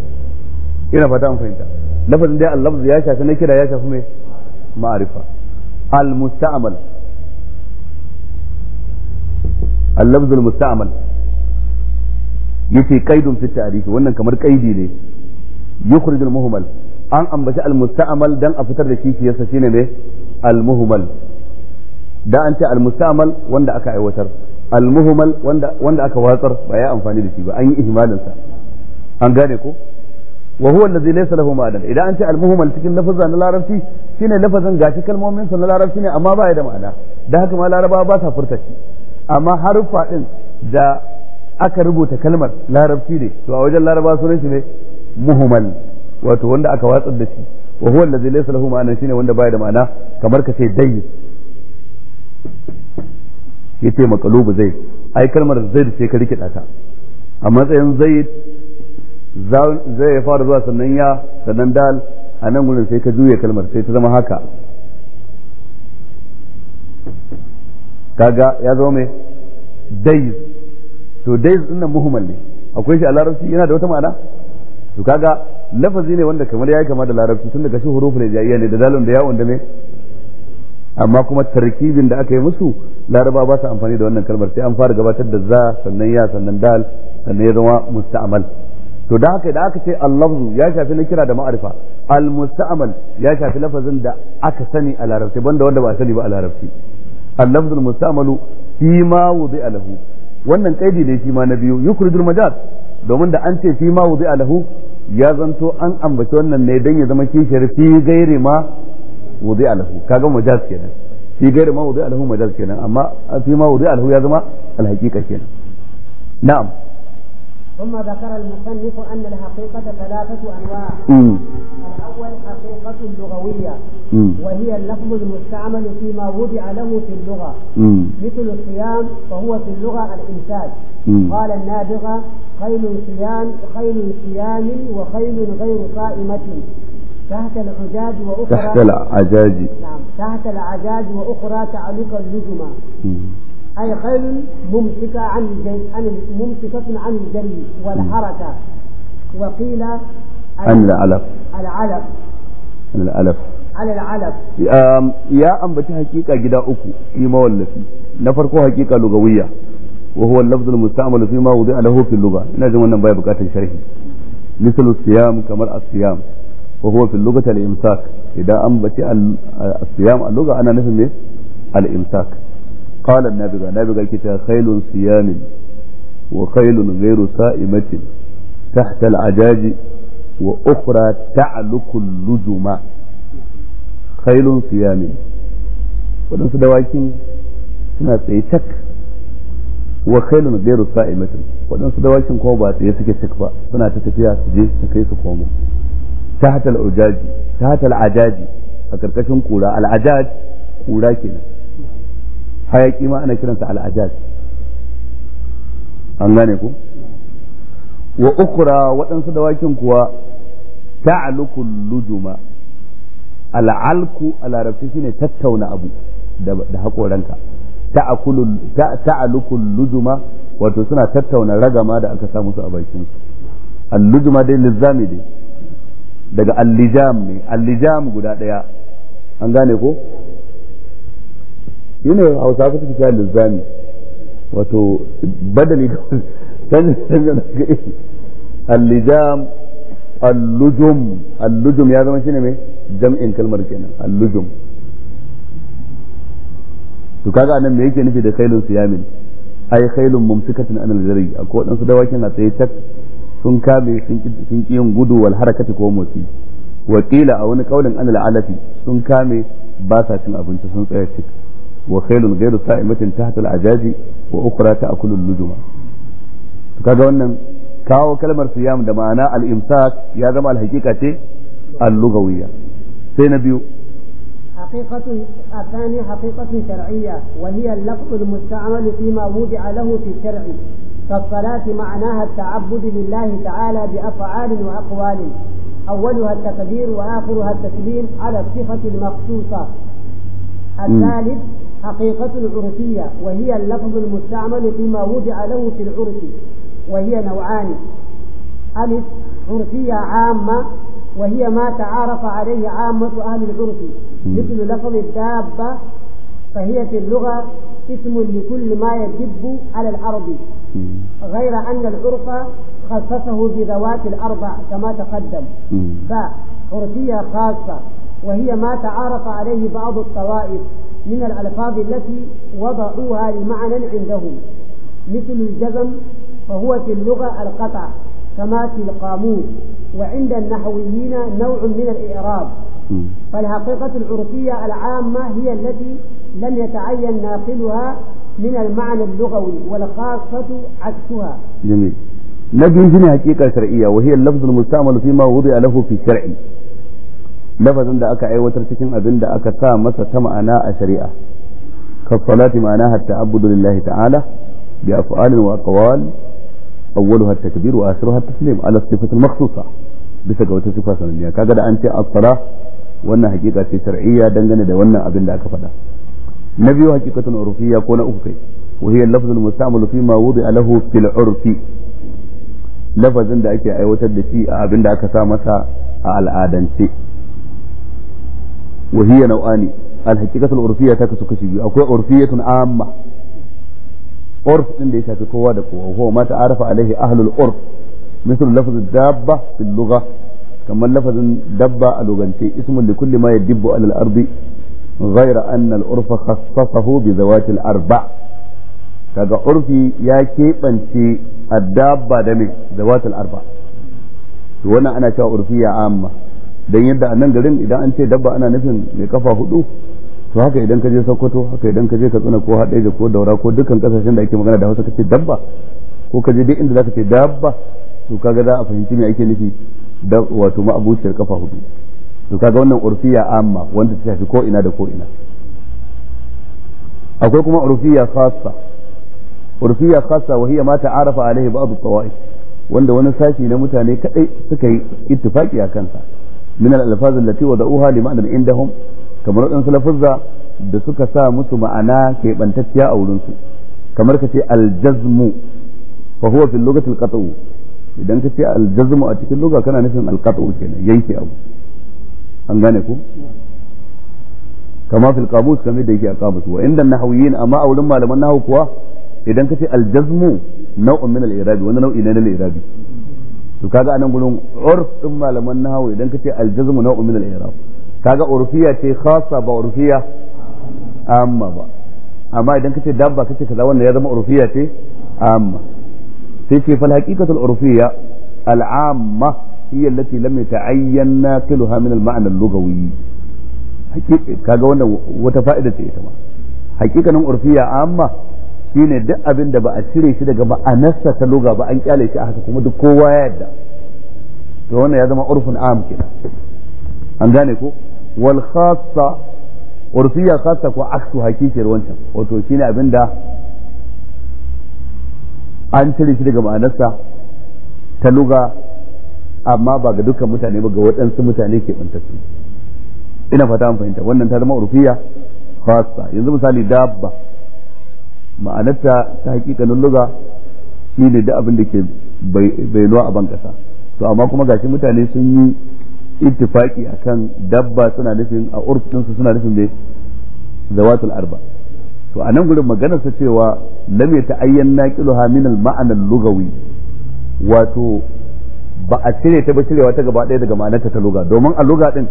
ina fata an fahimta lafazin dai al-lafz ya shafi na kira ya shafi mai ma'arifa المستعمل اللفظ المستعمل yace kaidun fi ta'rifi wannan kamar kaidi ne yukhrij al an ambaci al musta'mal dan a fitar da kishi yasa shine ne al muhmal da an ce al musta'mal wanda aka aiwatar al muhmal wanda wanda aka watsar ba ya amfani da shi ba an yi ihmalin sa an gane ko wa huwa allazi laysa lahu ma'anan idan an ce al cikin lafazan na larabci shine lafazan gashi kalmomin sa na larabci ne amma ba ya da ma'ana da haka ma laraba ba sa furta shi amma haruffa din da aka rubuta kalmar larabci ne to a wajen laraba sunan shi ne muhmal wato wanda aka watsar da shi wa huwa allazi laysa lahu ma'ana shine wanda ba ya da ma'ana kamar ka ce dai yace maqlubu zaid ai kalmar zaid ce ka rikida ta a matsayin zaid zai ya fara zuwa sannan ya sannan dal a nan gudun sai ka juya kalmar sai ta zama haka kaga ya zama mai dais to dais din nan muhimmal ne akwai shi a larabci yana da wata ma'ana to kaga lafazi ne wanda kamar ya yi kama da larabci tun daga shi hurufu ne jayiya ne da dalon da yawon da me amma kuma tarkibin da aka yi musu laraba ba su amfani da wannan kalmar sai an fara gabatar da za sannan ya sannan dal sannan ya zama musta'amal to da haka da aka ce allahu ya shafi kira da ma'arifa almusta'mal ya shafi lafazin da aka sani a larabci banda wanda ba sani ba a larabci al-lafzul musta'malu fi ma wudi'a lahu wannan kaidi ne fi ma na biyu yukhrijul majaz domin da an ce fi ma wudi'a lahu ya zanto an ambaci wannan ne dan ya zama kishiyar fi gairi ma wudi'a lahu kaga majaz kenan fi gairi ma wudi'a lahu majaz kenan amma fi ma wudi'a lahu ya zama al-haqiqa kenan na'am ثم ذكر المصنف أن الحقيقة ثلاثة أنواع الأول حقيقة لغوية وهي اللفظ المستعمل فيما وضع له في اللغة مثل الصيام فهو في اللغة الإمساك قال النابغة خيل صيام خيل صيام وخيل غير صائمة تحت العجاج وأخرى تحت العجاج نعم تحت العجاج وأخرى تعلق اللجمة أي خيل ممسكة عن عن ممسكة عن الجري والحركة وقيل عن العلف العلف العلف على العلف يا أنبت حقيقة جدا أكو في مولفي نفرقو حقيقة لغوية وهو اللفظ المستعمل فيما وضع له في اللغة لازم أن نبقى بكات شرحي مثل الصيام كما الصيام وهو في اللغة الإمساك إذا أنبت الصيام اللغة أنا نفهم إيه؟ الإمساك qala nabiga nabiga ke ta khailun siyamin wa khailun ghairu sa'imatin tahta al-ajaji wa ukhra ta'luku al-lujuma khailun siyamin wadansu dawakin suna tsaye cak wa khailun ghairu sa'imatin wadansu dawakin kuma ba tsaye suke cak ba suna ta tafiya su je su su komo karkashin kura al kenan hayaki ma ana kiransa al'ajaz an gane ku wa ukura waɗansu dawakin kuwa ta'aluku lujuma al'alku a larabci shine tattauna abu da haƙoranka ta'aluku lujuma wato suna tattauna ragama da aka samu su a bakin al-lujuma dai lizami dai daga al-lijam ne al-lijam guda ɗaya an gane ko shine hausa ku suke cewa lizzami wato badali dan dan al-lijam al-lujum allujum allujum ya zama shi ne mai jam'in kalmar kenan allujum. lujum to kaga nan me yake nufi da kailun siyamin ai khailun mumsikatin anil zari akwai wadansu dawakin a tsaye tak sun kame sun ki yin gudu wal harakati ko motsi wakila a wani kaulin anil alafi sun kame ba sa cin abinci sun tsaya cik وخيل غير صائمة تحت العجاج وأخرى تأكل اللجوم كذا wannan كاو كلمة صيام دم أنا الإمساك يا دم الحقيقة اللغوية haqiqa حقيقة الثانية حقيقة شرعية وهي اللفظ المستعمل فيما وضع له في الشرع فالصلاة معناها التعبد لله تعالى بأفعال وأقوال أولها التكبير وآخرها التسليم على الصفة المخصوصة الثالث حقيقة عرفية وهي اللفظ المستعمل فيما وضع له في العرف وهي نوعان ألف عرفية عامة وهي ما تعارف عليه عامة أهل العرف مثل لفظ الدابة فهي في اللغة اسم لكل ما يدب على الأرض غير أن العرف خصصه بذوات الأربع كما تقدم ب عرفية خاصة وهي ما تعارف عليه بعض الطوائف من الألفاظ التي وضعوها لمعنى عندهم مثل الجزم فهو في اللغة القطع كما في القاموس وعند النحويين نوع من الإعراب فالحقيقة العرفية العامة هي التي لم يتعين ناقلها من المعنى اللغوي والخاصة عكسها جميل نجي هنا حقيقة شرعية وهي اللفظ المستعمل فيما وضع له في الشرع lafazin da aka aiwatar cikin abin da aka sa masa ta ma'ana a shari'a ka salati ma'ana hatta abudu lillahi ta'ala bi af'alin wa aqwal awwaluha at-takbir wa akhiruha at-taslim ala sifatil makhsusa bisa ga wata sifa sananniya kaga da an ce as-sala wannan hakika ce shar'iyya dangane da wannan abin da aka faɗa na biyu hakikatun urfiyya ko na uku kai wa hiya al-lafz mustamal fi ma wudi'a lahu fil urfi lafazin da ake aiwatar da shi a abin da aka sa masa a al'adance وهي نوعان الحقيقة العرفية تكسو كشي أكو عرفية عامة عرف إن ليس في قوة وهو ما تعرف عليه أهل العرف مثل لفظ الدابة في اللغة كما لفظ دبة اللغنتي اسم لكل ما يدب على الأرض غير أن العرف خصصه بذوات الأربع kaga urfi ya keɓance addabba da mai zawatul arba to wannan ana cewa amma dan yadda a nan garin idan an ce dabba ana nufin mai kafa hudu to haka idan ka je sokoto haka idan ka je katsina ko haɗeja ko daura ko dukkan kasashen da ake magana da hausa ka ce dabba ko ka je duk inda zaka ce dabba to kaga za a fahimci me ake nufi da wato ma'abuciyar kafa hudu to kaga wannan urfiya amma wanda ta shafi ko ina da ko ina akwai kuma urfiya khassa urfiya khassa wa hiya ma ta'arafa alaihi ba'd tawa'if wanda wani sashi na mutane kadai suka yi ittifaki a kansa min al-alfaz allati wada'uha li ma'anar indahum kamar wadansu lafuzza da suka sa musu ma'ana ke bantacciya a wurin su kamar kace al-jazmu fa huwa fi lughati al idan kace al-jazmu a cikin lugha kana nufin al-qat'u kenan yanke abu an gane ku kama fil qamus da yake a qamus wa inda amma a malaman kuwa idan kace wani nau'i to kaga anan gurin urf din malaman nahawu idan kace aljazmu naw'u min al-i'rab kaga urfiya ce khassa ba urfiya amma ba amma idan kace dabba kace kaza wannan ya zama urfiya ce amma sai ce fal haqiqatul urfiya al-amma hiya allati lam yata'ayyan naqiluha min al-ma'na al-lughawi kaga wannan wata fa'ida ce ita ma haqiqanin urfiya amma shine duk abin da ba a cire shi daga ma'anarsa ta loga ba an kyale shi a haka kuma duk kowa ya yadda to wannan ya zama urfin am kenan an gane ko wal khassa urfiya khassa ko aksu hakikiyar wancan wato shine abin da an cire shi daga ma'anarsa ta loga amma ba ga dukkan mutane ba ga waɗansu mutane ke bantattu ina fata an fahimta wannan ta zama urfiya khassa yanzu misali dabba ma'anarta ta hakikanin luga shi ne duk abin da ke bainuwa a ban to amma kuma gashi mutane sun yi ittifaki akan dabba suna nufin a su suna nufin ne zawatul arba to a nan gurin maganar sa cewa lam yata'ayyan naqiluha min al-ma'an al-lugawi wato ba a cire ta ba cirewa ta gaba ɗaya daga ma'anarta ta luga domin a luga din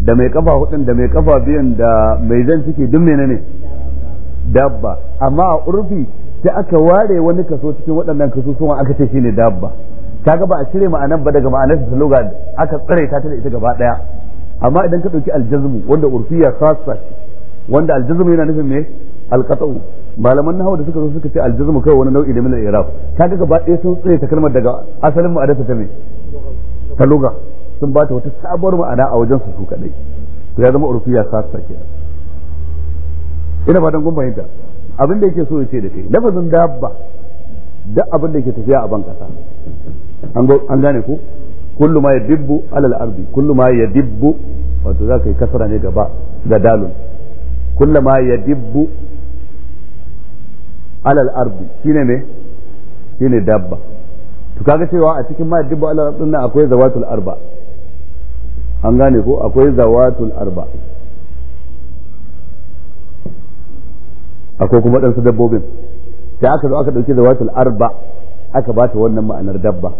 da mai kafa hudun da mai kafa biyan da mai zan suke duk menene ne dabba amma a urfi sai aka ware wani kaso cikin waɗannan kasusuwan aka ce shine dabba kaga ba a cire ma'anan ba daga ma'anar ta luga aka tsare ta da ita gaba daya amma idan ka dauki aljazmu wanda urfiya khassa wanda aljazmu yana nufin me alqata'u malaman nahawu da suka zo suka ce aljazmu kai wani nau'i da min al-i'rab kaga gaba daya sun tsare ta kalmar daga asalin ma'anar ta me ta luga sun ba ta wata sabuwar ma'ana a wajen su su kadai to ya zama urfiya khassa kenan ina fatan kun fahimta abin da yake so ya ce da kai lafazin dabba da abin da yake tafiya a ban kasa an gane ko kullu ma yadibbu alal ardi kullu ma yadibbu wato za ka yi kasara ne gaba ga dalun kullu ma yadibbu alal ardi shine me shine dabba to kaga cewa a cikin ma yadibbu alal ardi akwai zawatul arba an gane ko akwai zawatul arba akwai kuma waɗansu dabbobin da aka zo aka ɗauki zawatul arba aka ba ta wannan ma'anar dabba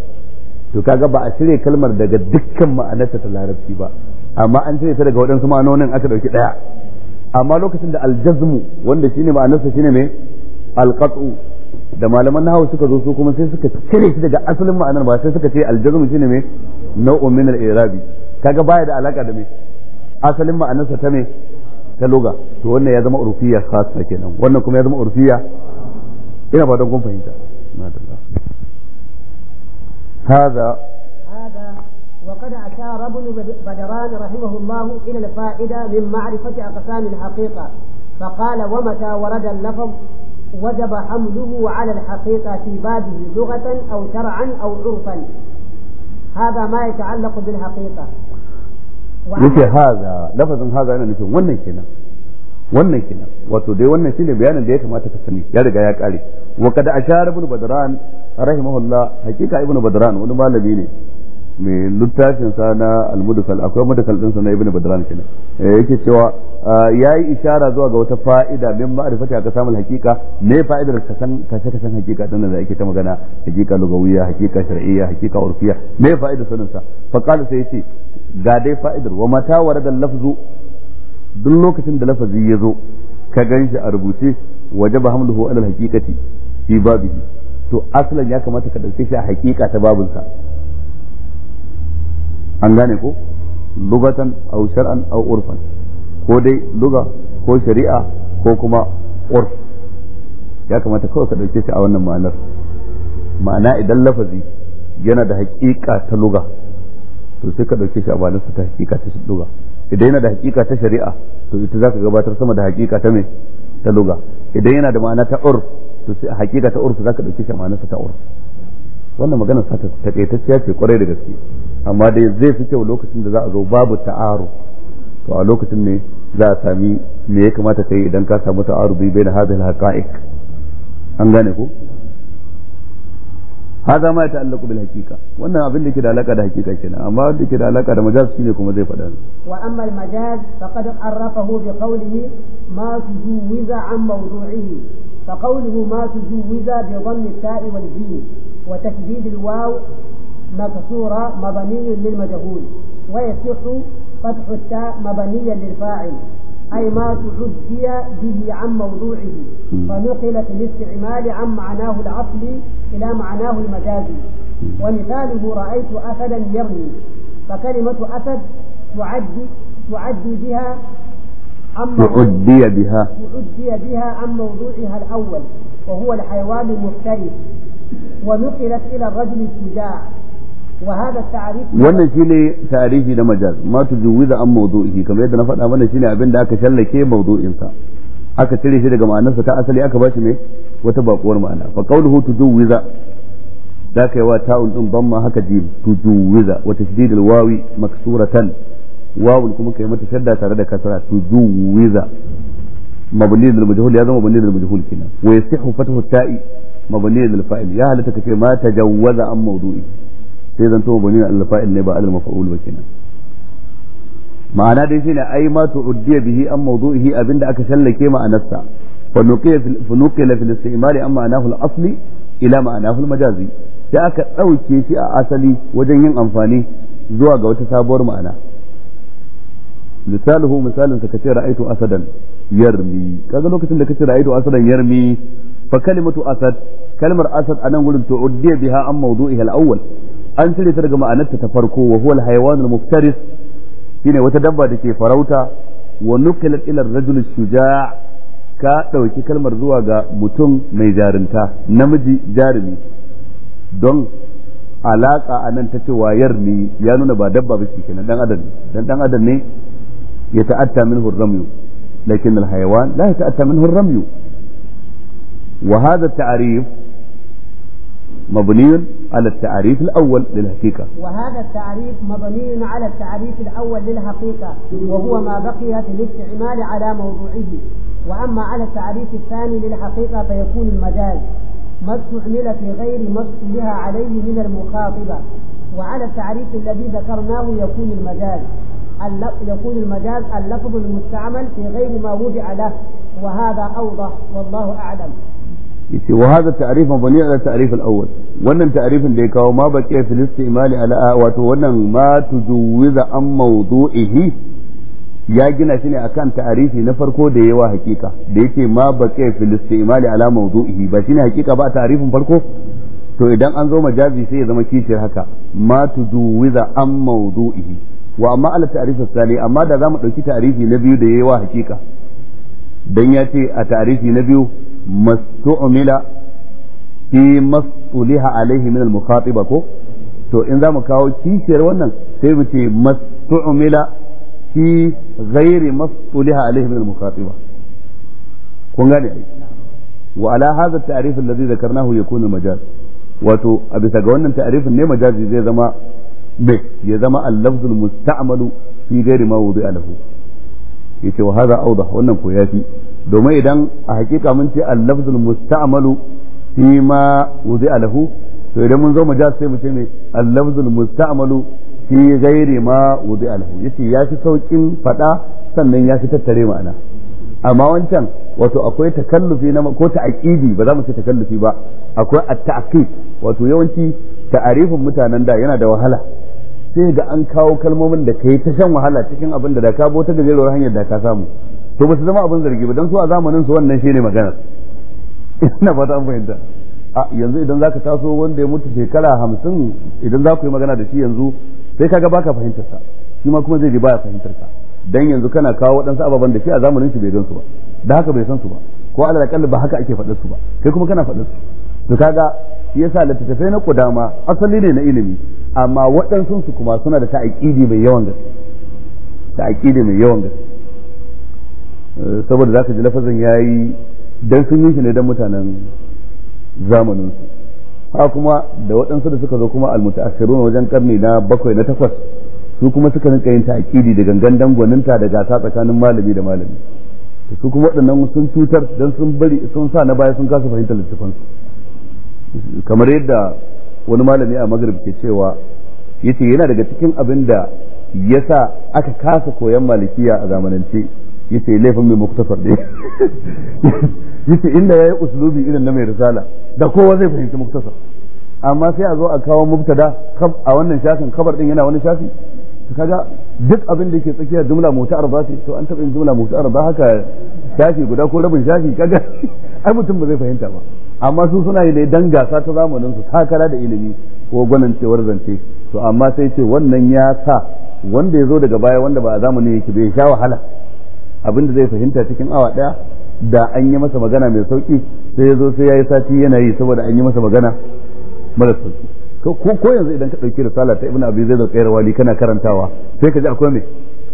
to kaga ba a cire kalmar daga dukkan ma'anarta ta larabci ba amma an cire ta daga waɗansu ma'anonin aka ɗauki ɗaya amma lokacin da aljazmu wanda shine ma'anarsa shine mai alqat'u da malaman nahawu suka zo su kuma sai suka cire shi daga asalin ma'anar ba sai suka ce aljazmu shine mai nau'un min al-i'rabi kaga baya da alaka da mai asalin ma'anarsa ta mai ta loga to wannan ya zama urfiya khassa kenan wannan kuma ya zama urfiya ina ba don kun fahimta هذا هذا وقد أشار ابن بدران رحمه الله إلى الفائدة من معرفة أقسام الحقيقة فقال ومتى ورد اللفظ وجب حمله على الحقيقة في بابه لغة أو شرعا أو عرفا هذا ما يتعلق بالحقيقة Yake haza lafazin haza yana nufin wannan kenan wannan kenan wato dai wannan shine bayanin da ya kamata ka sani ya riga ya kare wa kada ashara ibn badran rahimahullah hakika ibn badran wani malami ne mai littafin sa na almudukal akwai mudukal din sa na ibnu badran kenan eh, yake cewa ah, yayi ishara zuwa ga wata fa'ida min ma'rifati ka samu hakika me fa'idar ka san ta san hakika din da ake ta magana hakika lugawiyya hakika shar'iyya hakika urfiyya me fa'idar sanin sa fa qala sai yace ga dai fa'idar wa mata warada lafzu duk lokacin da lafazi ya zo ka ganshi a rubuce wajaba hamluhu alal haqiqati fi babihi to asalan ya kamata ka dauke shi a hakika ta babinsa an gane ko lugatan au shar'an au urfan ko dai luga ko shari'a ko kuma urf ya kamata kawai ka dauke shi a wannan ma'anar ma'ana idan lafazi yana da hakika ta luga to sai ka dauke shi a ma'anarsa ta hakika ta luga idan yana da hakika ta shari'a to ita zaka gabatar sama da hakika ta me ta luga idan yana da ma'ana ta urf to sai hakika ta urf za ka dauke shi a ma'anarsa ta urf wannan magana sa ta takaitacciya ce kwarai da gaske amma dai zai fi kyau lokacin da za a zo babu ta'aru to a lokacin ne za a sami me ya kamata yi idan ka samu ta'aru bai na hadhihi haqa'iq an gane ko هذا ما يتعلق بالحقيقة وانا أقول لك إذا لك الحقيقة كنا أما أقول لك إذا مجاز المجاز سينكم وزيف هذا وأما المجاز فقد عرفه بقوله ما تجوز عن موضوعه فقوله ما تجوز بظن التاء والجيم وتكديد الواو مكسورة مبني للمجهول ويصح فتح التاء مبنيا للفاعل أي ما تحدي به عن موضوعه فنقلت الاستعمال عن معناه العقلي إلى معناه المجازي ومثاله رأيت أسدا يرمي فكلمة أسد تعدي تعدي بها تعدي بها تعدي بها عن موضوعها الأول وهو الحيوان المفترس ونقلت إلى الرجل الشجاع wannan shine tarihi na majaz ma tujuwiza an mawdu'ihi kamar yadda na faɗa wannan shine abin da aka shallake mawdu'in sa aka cire shi daga ma'anarsa ta asali aka bashi mai wata bakuwar ma'ana fa qawluhu tujuwiza da kai wa ta'un din ban ma haka jim tujuwiza wa tashdidul wawi maksuratan wawun kuma kai mata shadda tare da kasra tujuwiza mabni lil majhul ya zama mabni lil majhul kenan wa yasihu fathu ta'i mabni lil fa'il ya halatta kace ma tajawaza an mawdu'i sai zan towa bani al ne ba al maf'ul ba kenan ma'ana dai shine ai ma tu'addiya bihi an mawdu'ihi abinda aka shallake ma'anarsa fa nuqiya fa nuqila fil istimali amma anahu al asli ila ma'anahu al majazi sai aka dauke shi a asali wajen yin amfani zuwa ga wata sabuwar ma'ana misaluhu misalin sa kace ra'aitu asadan yarmi kaga lokacin da kace ra'aitu asadan yarmi fa kalimatu asad kalmar asad anan gurin tu'addiya biha an mawdu'iha al awwal an cire ta daga ma'anarta ta farko wa huwa al-hayawan al-muftaris shine wata dabba da ke farauta wa nukilat ila ar-rajul shuja' ka dauki kalmar zuwa ga mutum mai jarinta namiji jarumi don alaka anan ta ce wayar ne ya nuna ba dabba ba ce kenan dan adam dan dan adam ne ya ta'atta min ar-ramyu lakin al-hayawan la yata'atta minhu ar-ramyu wa hadha at-ta'rif مبني على التعريف الأول للحقيقة وهذا التعريف مبني على التعريف الأول للحقيقة وهو ما بقي في الاستعمال على موضوعه وأما على التعريف الثاني للحقيقة فيكون المجاز ما استعمل في غير ما استلها عليه من المخاطبة وعلى التعريف الذي ذكرناه يكون المجاز يكون المجاز اللفظ المستعمل في غير ما وضع له وهذا أوضح والله أعلم yace wa hada ta'rif mabni ala ta'rif al-awwal wannan ta'rifin da ya kawo ma baqiya fil istimali ala wato wannan ma tujuwiza an mawdu'ihi ya gina shi ne akan ta'arifi na farko da yawa hakika da yake ma baqiya fil istimali ala mawdu'ihi ba shine hakika ba ta'rifin farko to idan an zo majazi sai ya zama kishiyar haka ma tujuwiza an mawdu'ihi wa amma ala ta'rif al amma da zamu dauki ta'rifi na biyu da yawa hakika dan yace a ta'rifi na biyu mastu'mila fi mastuliha alaihi min al-mukhatiba ko to in za mu kawo kishiyar wannan sai mu ce mastu'mila fi ghairi mastuliha alaihi min al-mukhatiba kun gane ai wa ala hadha at-ta'rif alladhi dhakarnahu yakunu majaz wato a bisa ga wannan ta'rifin ne majazi zai zama be ya zama al-lafzul musta'malu fi ghairi ma wudi'a wa wannan ko domin idan a hakika mun ce al-lafzul musta'malu fi ma wuzi alahu to idan mun zo mu ja sai mu ce ne al-lafzul musta'malu fi ghairi ma wuzi alahu yace ya fi saukin fada sannan ya fi tattare ma'ana amma wancan wato akwai takallufi na ko ta'aqidi ba za mu ce takallufi ba akwai at-ta'qid wato yawanci ta'arifin mutanen da yana da wahala sai ga an kawo kalmomin da kai ta shan wahala cikin abin da da ka bota gajeruwar hanyar da ka samu to ba su zama abin zargi ba don su a zamanin su wannan shi ne magana ina fata an fahimta a yanzu idan zaka taso wanda ya mutu shekara hamsin idan za ku yi magana da shi yanzu sai kaga baka fahimtar sa shi ma kuma zai ji baya fahimtar sa dan yanzu kana kawo waɗansu ababen da shi a zamanin shi bai gan su ba da haka bai san su ba ko alal akalla ba haka ake faɗar su ba sai kuma kana faɗar su to kaga shi yasa littattafai na kudama asali ne na ilimi amma waɗansu su kuma suna da ta'aƙidi mai yawan gaske ta'aƙidi mai yawan gaske saboda za ka ji lafazin ya yi don sun yi shi ne don mutanen zamaninsu su ha kuma da waɗansu da suka zo kuma almutaakhirun wajen karni na bakwai na takwas su kuma suka rinka yin ta'akidi da gangan dangwaninta da gasa tsakanin malami da malami su kuma waɗannan sun cutar don sun bari sun sa na baya sun kasa fahimtar littafansu kamar yadda wani malami a magrib ke cewa yace yana daga cikin abin da ya sa aka kasa koyon malikiya a zamanance yace laifin mai muktasar ne *laughs* yace inda yayi uslubi irin na mai risala da kowa zai fahimci muktasar amma sai a zo a kawo mubtada a wannan shafin kabar din yana wani shafi kaga duk abin da yake tsakiya jumla muta'ar ba to an taɓa jumla muta'ar ba haka shafi guda ko rabin shafi kaga *laughs* ai mutum ba zai fahimta ba amma su suna yi da dan gasa ta zamanin su takara da ilimi ko gwanancewar zance to amma sai ce wannan ya sa wanda ya zo daga baya wanda ba a zamanin yake bai sha wahala Abin da zai fahimta cikin awa daya da an yi masa magana mai sauki sai ya zo sai ya yi sati yana yi saboda an yi masa magana mara sauki ko ko yanzu idan ka dauki risala ta ibnu abi zaid al wali kana karantawa sai ka ji akwai me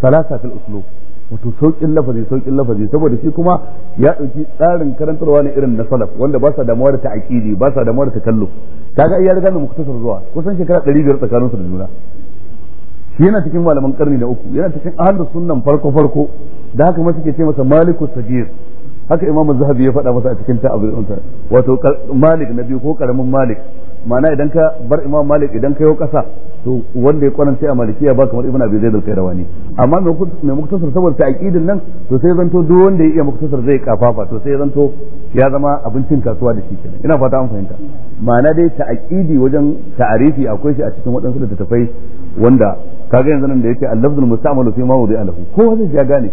salasa fil uslub wato saukin lafazi saukin lafazi saboda shi kuma ya dauki tsarin karantarwa ne irin na salaf wanda ba sa damuwa da ta'aqidi ba sa damuwa da takalluf kaga iya riga muktasar zuwa kusan shekara 500 tsakanin su da juna shi yana cikin malaman karni na uku yana cikin ahlus sunnan farko farko da haka masu ke ce masa maliku Sajir, haka imam zahabi ya faɗa masa a cikin da unta wato malik na biyu ko karamin malik ma'ana idan ka bar imam malik idan ka yau kasa to wanda ya kwarance a malikiya ba kamar ibn abi zaid al-qayrawani amma mai muktasar saboda ta'qidin nan to sai zanto duk wanda ya iya muktasar zai kafafa to sai zanto ya zama abincin kasuwa da shi kenan ina fata an fahimta ma'ana dai ta'qidi wajen ta'arifi akwai shi a cikin waɗansu littattafai wanda kaga yanzu nan da yake al-lafzul musta'malu fi mawdi'i alahu kowa zai ya gane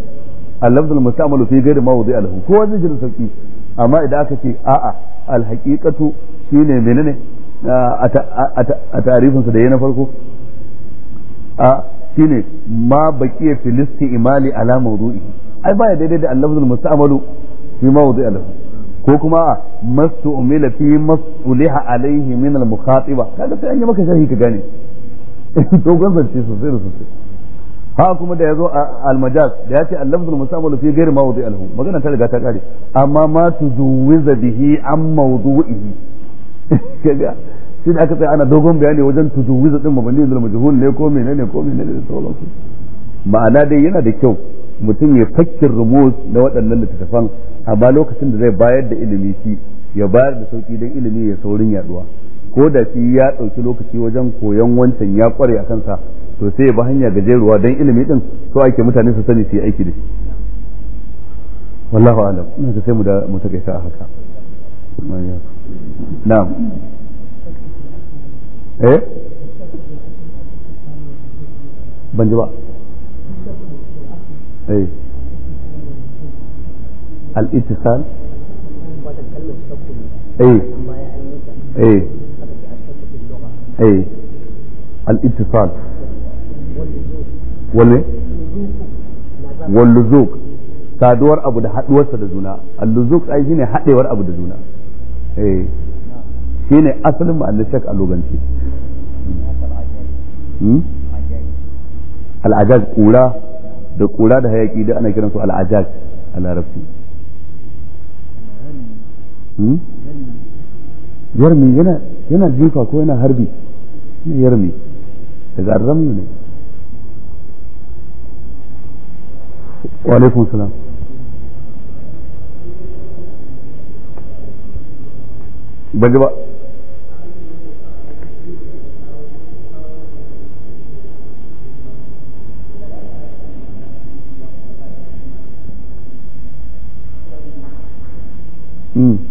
اللفظ المستعمل في غير fi له ma زي lahu kowa اما اذا sauki amma idan aka ce a'a alhakikatu shine menene a tarifin da ya na farko a shine ma baqiya imali ala mawdu'i ai baya daidai da ko kuma masu umila fi masuliha alaihi min al-mukhatiba kaga sai an yi maka sharhi ka gane dogon zance sosai da sosai ha kuma da yazo al-majaz da yace al-lafzul musamalu fi ghairi mawdi alhu magana ta riga ta kare amma ma tuzuwiza bihi an mawdu'ihi *laughs* kaga shi da aka tsaya ana dogon bayani wajen tuzuwiza din mabani da majhul ne ko menene ko menene da sauransu ma'ana dai yana da kyau mutum ya fakkin rumus na waɗannan littattafan amma lokacin da zai bayar da ilimi shi ya bayar da sauki don ilimi ya saurin yaduwa ko da shi ya ɗauki lokaci wajen koyon wancan ya kware a kansa to sai ya bi hanya gajeruwa don ilimi din so ake mutane su sani su yi aiki da shi wallahu alam na ga sai mu da mu takaita a haka na'am eh ban ji ba eh al-ittisal eh eh eh al-ittisal wal walluzuk saduwar abu da haduwarsa da juna alluzuk ai shine hadewar abu da juna eh shine asalin ma'anar shak a loganci hmm? al'ajaz kura da kura da hayaki da ana kiransu al'ajaz a larabci hmm? yarmi yana jifa ko yana harbi yarmi daga arrami ne wa alaikum salam Mm.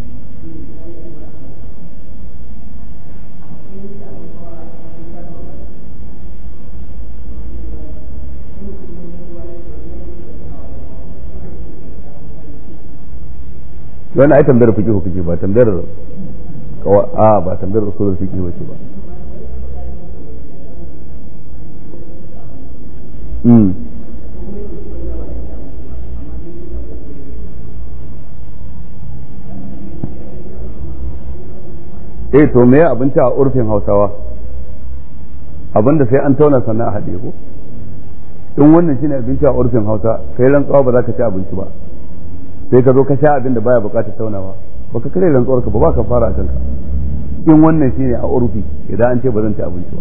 wannan ai tambayar fiqh kuke ba tambayar a ba tambayar usulul fiqh bace ba mm eh to me abinci a urfin hausawa abinda sai an tauna sannan a haɗe ko in wannan shine abinci a urfin hausa kai tsawa ba za ka ci abinci ba sai ka zo ka sha abin da baya bukatar taunawa baka kare rantsuwar ka ba baka fara a kanka in wannan shine a urfi idan an ce ba zan ci abinci ba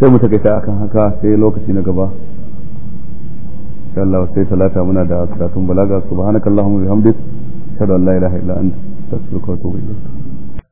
sai mu takaita akan haka sai lokaci na gaba insha Allah sai talata muna da karatun balaga subhanakallahumma bihamdik shada la ilaha illa anta astaghfiruka wa atubu ilayk